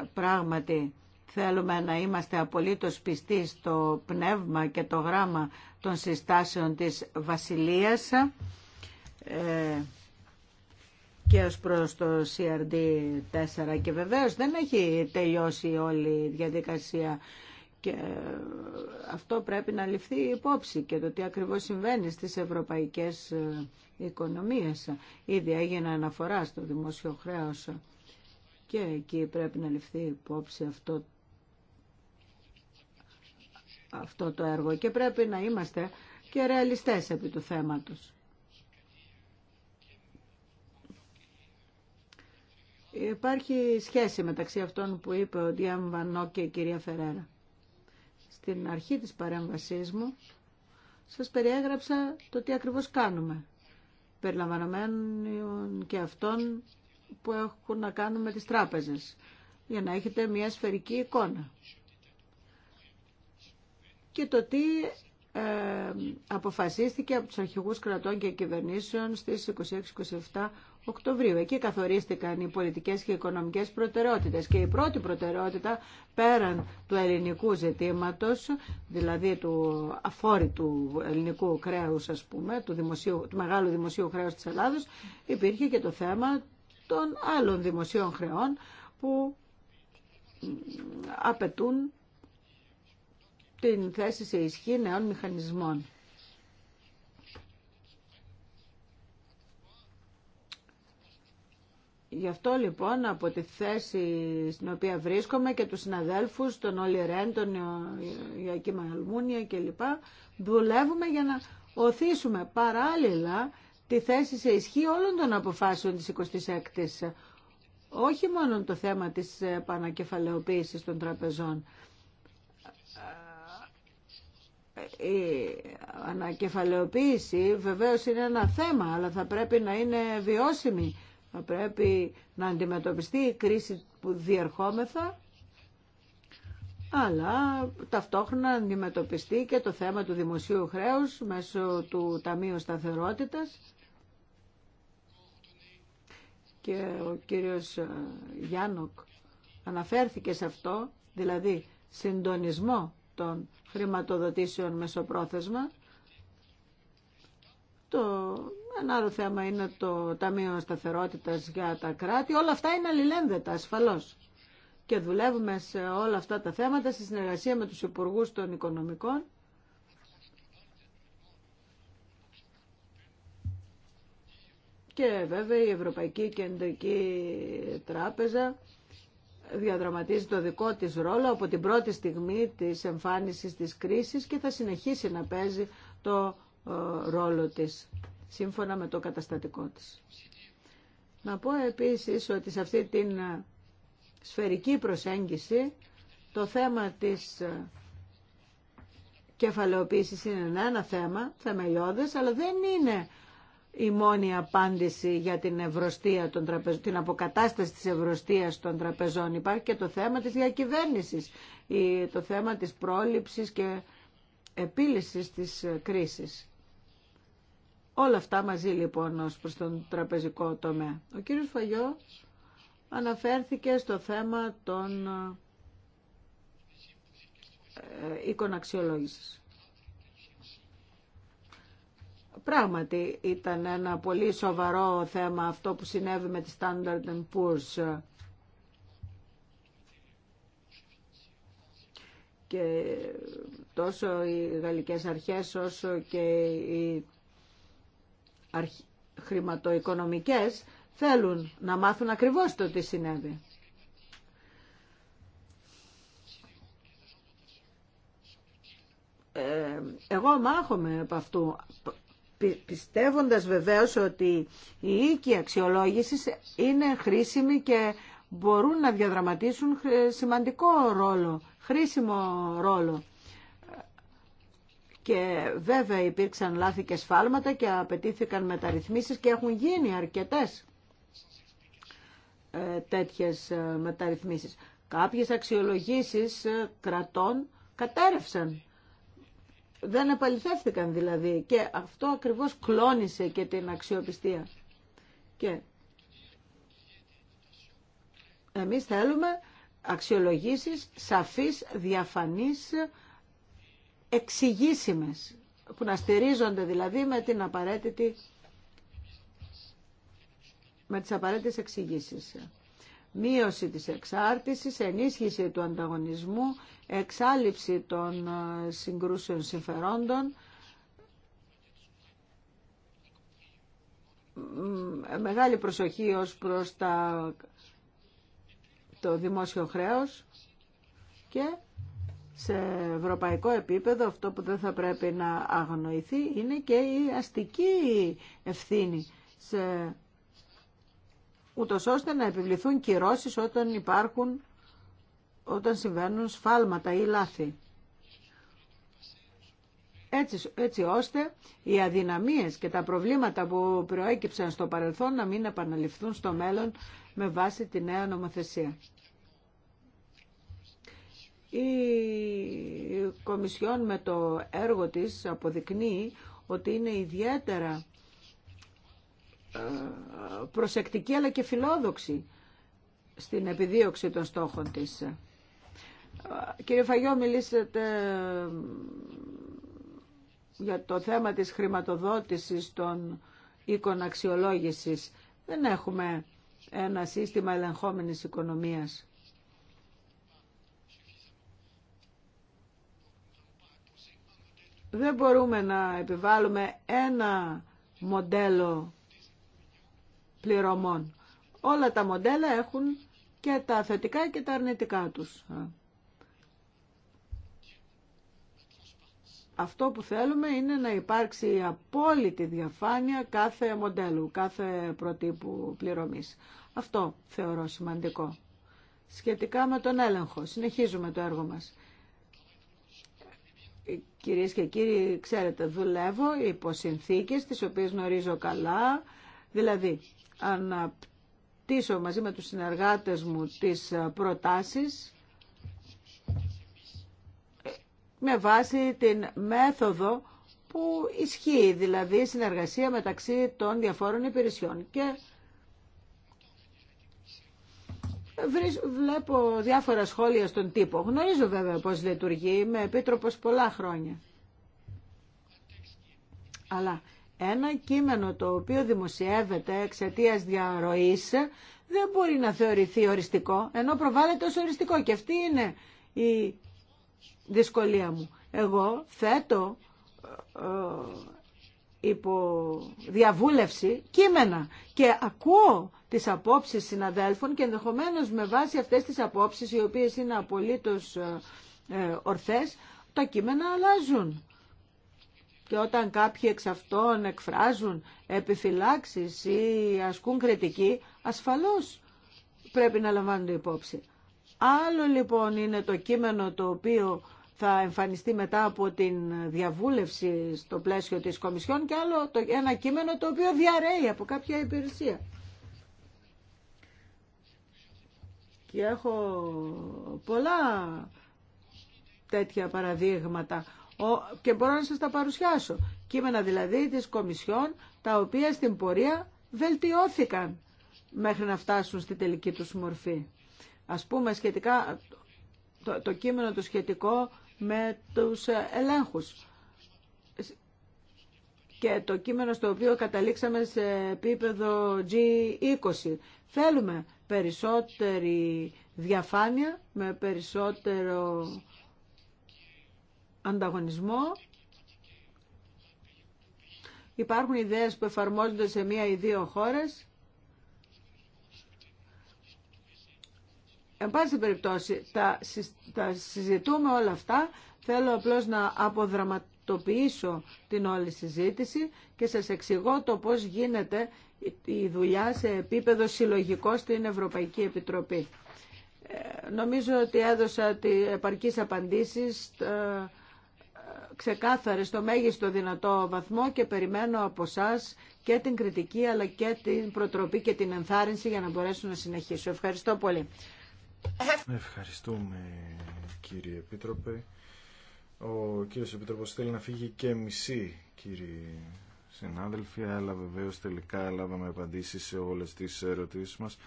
ε, πράγματι Θέλουμε να είμαστε απολύτως πιστοί στο πνεύμα και το γράμμα των συστάσεων της Βασιλείας ε, και ως προς το CRD4 και βεβαίως δεν έχει τελειώσει όλη η διαδικασία και ε, αυτό πρέπει να ληφθεί υπόψη και το τι ακριβώς συμβαίνει στις ευρωπαϊκές ε, οικονομίες. Ήδη έγινε αναφορά στο δημόσιο χρέος και εκεί πρέπει να ληφθεί υπόψη αυτό αυτό το έργο και πρέπει να είμαστε και ρεαλιστές επί του θέματος. Υπάρχει σχέση μεταξύ αυτών που είπε ο Διέμ και η κυρία Φερέρα. Στην αρχή της παρέμβασής μου σας περιέγραψα το τι ακριβώς κάνουμε, περιλαμβανομένων και αυτών που έχουν να κάνουν με τις τράπεζες, για να έχετε μια σφαιρική εικόνα και το τι ε, αποφασίστηκε από τους αρχηγούς κρατών και κυβερνήσεων στις 26-27 Οκτωβρίου. Εκεί καθορίστηκαν οι πολιτικές και οικονομικές προτεραιότητες και η πρώτη προτεραιότητα πέραν του ελληνικού ζητήματος, δηλαδή του αφόρητου ελληνικού κρέους ας πούμε, του, δημοσίου, του μεγάλου δημοσίου χρέους της Ελλάδος, υπήρχε και το θέμα των άλλων δημοσίων χρεών που απαιτούν την θέση σε ισχύ νέων μηχανισμών. Γι' αυτό λοιπόν από τη θέση στην οποία βρίσκομαι και τους συναδέλφους, τον Όλυ Ρέν, τον Ιωακή Μαλμούνια κλπ. Δουλεύουμε για να οθήσουμε παράλληλα τη θέση σε ισχύ όλων των αποφάσεων της 26ης. Όχι μόνο το θέμα της επανακεφαλαιοποίησης των τραπεζών η ανακεφαλαιοποίηση βεβαίως είναι ένα θέμα, αλλά θα πρέπει να είναι βιώσιμη. Θα πρέπει να αντιμετωπιστεί η κρίση που διερχόμεθα, αλλά ταυτόχρονα να αντιμετωπιστεί και το θέμα του δημοσίου χρέους μέσω του Ταμείου Σταθερότητας. Και ο κύριος Γιάννοκ αναφέρθηκε σε αυτό, δηλαδή συντονισμό των χρηματοδοτήσεων μεσοπρόθεσμα. Το, ένα άλλο θέμα είναι το Ταμείο σταθερότητα για τα κράτη. Όλα αυτά είναι αλληλένδετα ασφαλώς. Και δουλεύουμε σε όλα αυτά τα θέματα στη συνεργασία με τους Υπουργούς των Οικονομικών. Και βέβαια η Ευρωπαϊκή Κεντρική Τράπεζα διαδραματίζει το δικό της ρόλο από την πρώτη στιγμή της εμφάνισης της κρίσης και θα συνεχίσει να παίζει το ε, ρόλο της σύμφωνα με το καταστατικό της. Να πω επίσης ότι σε αυτή την ε, σφαιρική προσέγγιση το θέμα της ε, κεφαλαιοποίησης είναι ένα θέμα θεμελιώδες, αλλά δεν είναι η μόνη απάντηση για την, ευρωστία των τραπεζ... την αποκατάσταση της ευρωστίας των τραπεζών. Υπάρχει και το θέμα της διακυβέρνησης, το θέμα της πρόληψης και επίλυσης της κρίσης. Όλα αυτά μαζί λοιπόν ως προς τον τραπεζικό τομέα. Ο κύριος φαγιό αναφέρθηκε στο θέμα των ε, εικοναξιολόγησης. Πράγματι ήταν ένα πολύ σοβαρό θέμα αυτό που συνέβη με τη Standard Poor's και τόσο οι γαλλικές αρχές όσο και οι χρηματοοικονομικές θέλουν να μάθουν ακριβώς το τι συνέβη. Ε, εγώ μάχομαι από αυτού πιστεύοντας βεβαίως ότι οι οίκοι αξιολόγηση είναι χρήσιμοι και μπορούν να διαδραματίσουν σημαντικό ρόλο, χρήσιμο ρόλο. Και βέβαια υπήρξαν λάθη και σφάλματα και απαιτήθηκαν μεταρρυθμίσεις και έχουν γίνει αρκετές ε, τέτοιες ε, μεταρρυθμίσεις. Κάποιες αξιολογήσεις ε, κρατών κατέρευσαν δεν επαληθεύτηκαν δηλαδή και αυτό ακριβώς κλώνησε και την αξιοπιστία. Και εμείς θέλουμε αξιολογήσεις σαφείς, διαφανείς, εξηγήσιμες, που να στηρίζονται δηλαδή με την απαραίτητη με τις απαραίτητες εξηγήσεις. Μείωση της εξάρτησης, ενίσχυση του ανταγωνισμού, εξάλληψη των ε, συγκρούσεων συμφερόντων, μεγάλη προσοχή ως προς τα, το δημόσιο χρέος και σε ευρωπαϊκό επίπεδο αυτό που δεν θα πρέπει να αγνοηθεί είναι και η αστική ευθύνη σε ούτως ώστε να επιβληθούν κυρώσεις όταν υπάρχουν όταν συμβαίνουν σφάλματα ή λάθη. Έτσι, έτσι ώστε οι αδυναμίες και τα προβλήματα που προέκυψαν στο παρελθόν να μην επαναληφθούν στο μέλλον με βάση τη νέα νομοθεσία. Η Κομισιόν με το έργο της αποδεικνύει ότι είναι ιδιαίτερα ε, προσεκτική αλλά και φιλόδοξη στην επιδίωξη των στόχων της. Κύριε Φαγιό, μιλήσατε ε, για το θέμα της χρηματοδότησης των οίκων αξιολόγησης. Δεν έχουμε ένα σύστημα ελεγχόμενης οικονομίας. Δεν μπορούμε να επιβάλλουμε ένα μοντέλο πληρωμών. Όλα τα μοντέλα έχουν και τα θετικά και τα αρνητικά τους. αυτό που θέλουμε είναι να υπάρξει απόλυτη διαφάνεια κάθε μοντέλου, κάθε προτύπου πληρωμής. Αυτό θεωρώ σημαντικό. Σχετικά με τον έλεγχο, συνεχίζουμε το έργο μας. Κυρίες και κύριοι, ξέρετε, δουλεύω υπό συνθήκες τις οποίες γνωρίζω καλά, δηλαδή αναπτύσσω μαζί με τους συνεργάτες μου τις προτάσεις με βάση την μέθοδο που ισχύει, δηλαδή συνεργασία μεταξύ των διαφόρων υπηρεσιών. Και βλέπω διάφορα σχόλια στον τύπο. Γνωρίζω βέβαια πώς λειτουργεί, με επίτροπος πολλά χρόνια. Αλλά ένα κείμενο το οποίο δημοσιεύεται εξαιτία διαρροής δεν μπορεί να θεωρηθεί οριστικό, ενώ προβάλλεται ως οριστικό. Και αυτή είναι η δυσκολία μου. Εγώ θέτω ε, υπό διαβούλευση κείμενα και ακούω τις απόψεις συναδέλφων και ενδεχομένως με βάση αυτές τις απόψεις οι οποίες είναι απολύτως ε, ε, ορθές τα κείμενα αλλάζουν. Και όταν κάποιοι εξ αυτών εκφράζουν επιφυλάξεις ή ασκούν κριτική, ασφαλώς πρέπει να λαμβάνονται υπόψη. Άλλο λοιπόν είναι το κείμενο το οποίο θα εμφανιστεί μετά από την διαβούλευση στο πλαίσιο της Κομισιόν και άλλο το, ένα κείμενο το οποίο διαρρέει από κάποια υπηρεσία. Και έχω πολλά τέτοια παραδείγματα και μπορώ να σας τα παρουσιάσω. Κείμενα δηλαδή της Κομισιόν τα οποία στην πορεία βελτιώθηκαν μέχρι να φτάσουν στη τελική τους μορφή. Ας πούμε σχετικά το, το κείμενο το σχετικό με τους ελέγχους και το κείμενο στο οποίο καταλήξαμε σε επίπεδο G20. Θέλουμε περισσότερη διαφάνεια με περισσότερο ανταγωνισμό. Υπάρχουν ιδέες που εφαρμόζονται σε μία ή δύο χώρες Εν πάση περιπτώσει, τα, συζητούμε όλα αυτά. Θέλω απλώς να αποδραματοποιήσω την όλη συζήτηση και σας εξηγώ το πώς γίνεται η δουλειά σε επίπεδο συλλογικό στην Ευρωπαϊκή Επιτροπή. Ε, νομίζω ότι έδωσα επαρκείς απαντήσεις ε, ξεκάθαρες στο μέγιστο δυνατό βαθμό και περιμένω από εσά και την κριτική αλλά και την προτροπή και την ενθάρρυνση για να μπορέσω να συνεχίσω. Ευχαριστώ πολύ. Ευχαριστούμε κύριε Επίτροπε. Ο κύριος Επίτροπος θέλει να φύγει και μισή κύριοι συνάδελφοι, αλλά βεβαίως τελικά έλαβαμε απαντήσει σε όλες τις ερωτήσεις μας.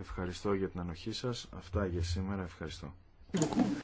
Ευχαριστώ για την ανοχή σας. Αυτά για σήμερα. Ευχαριστώ.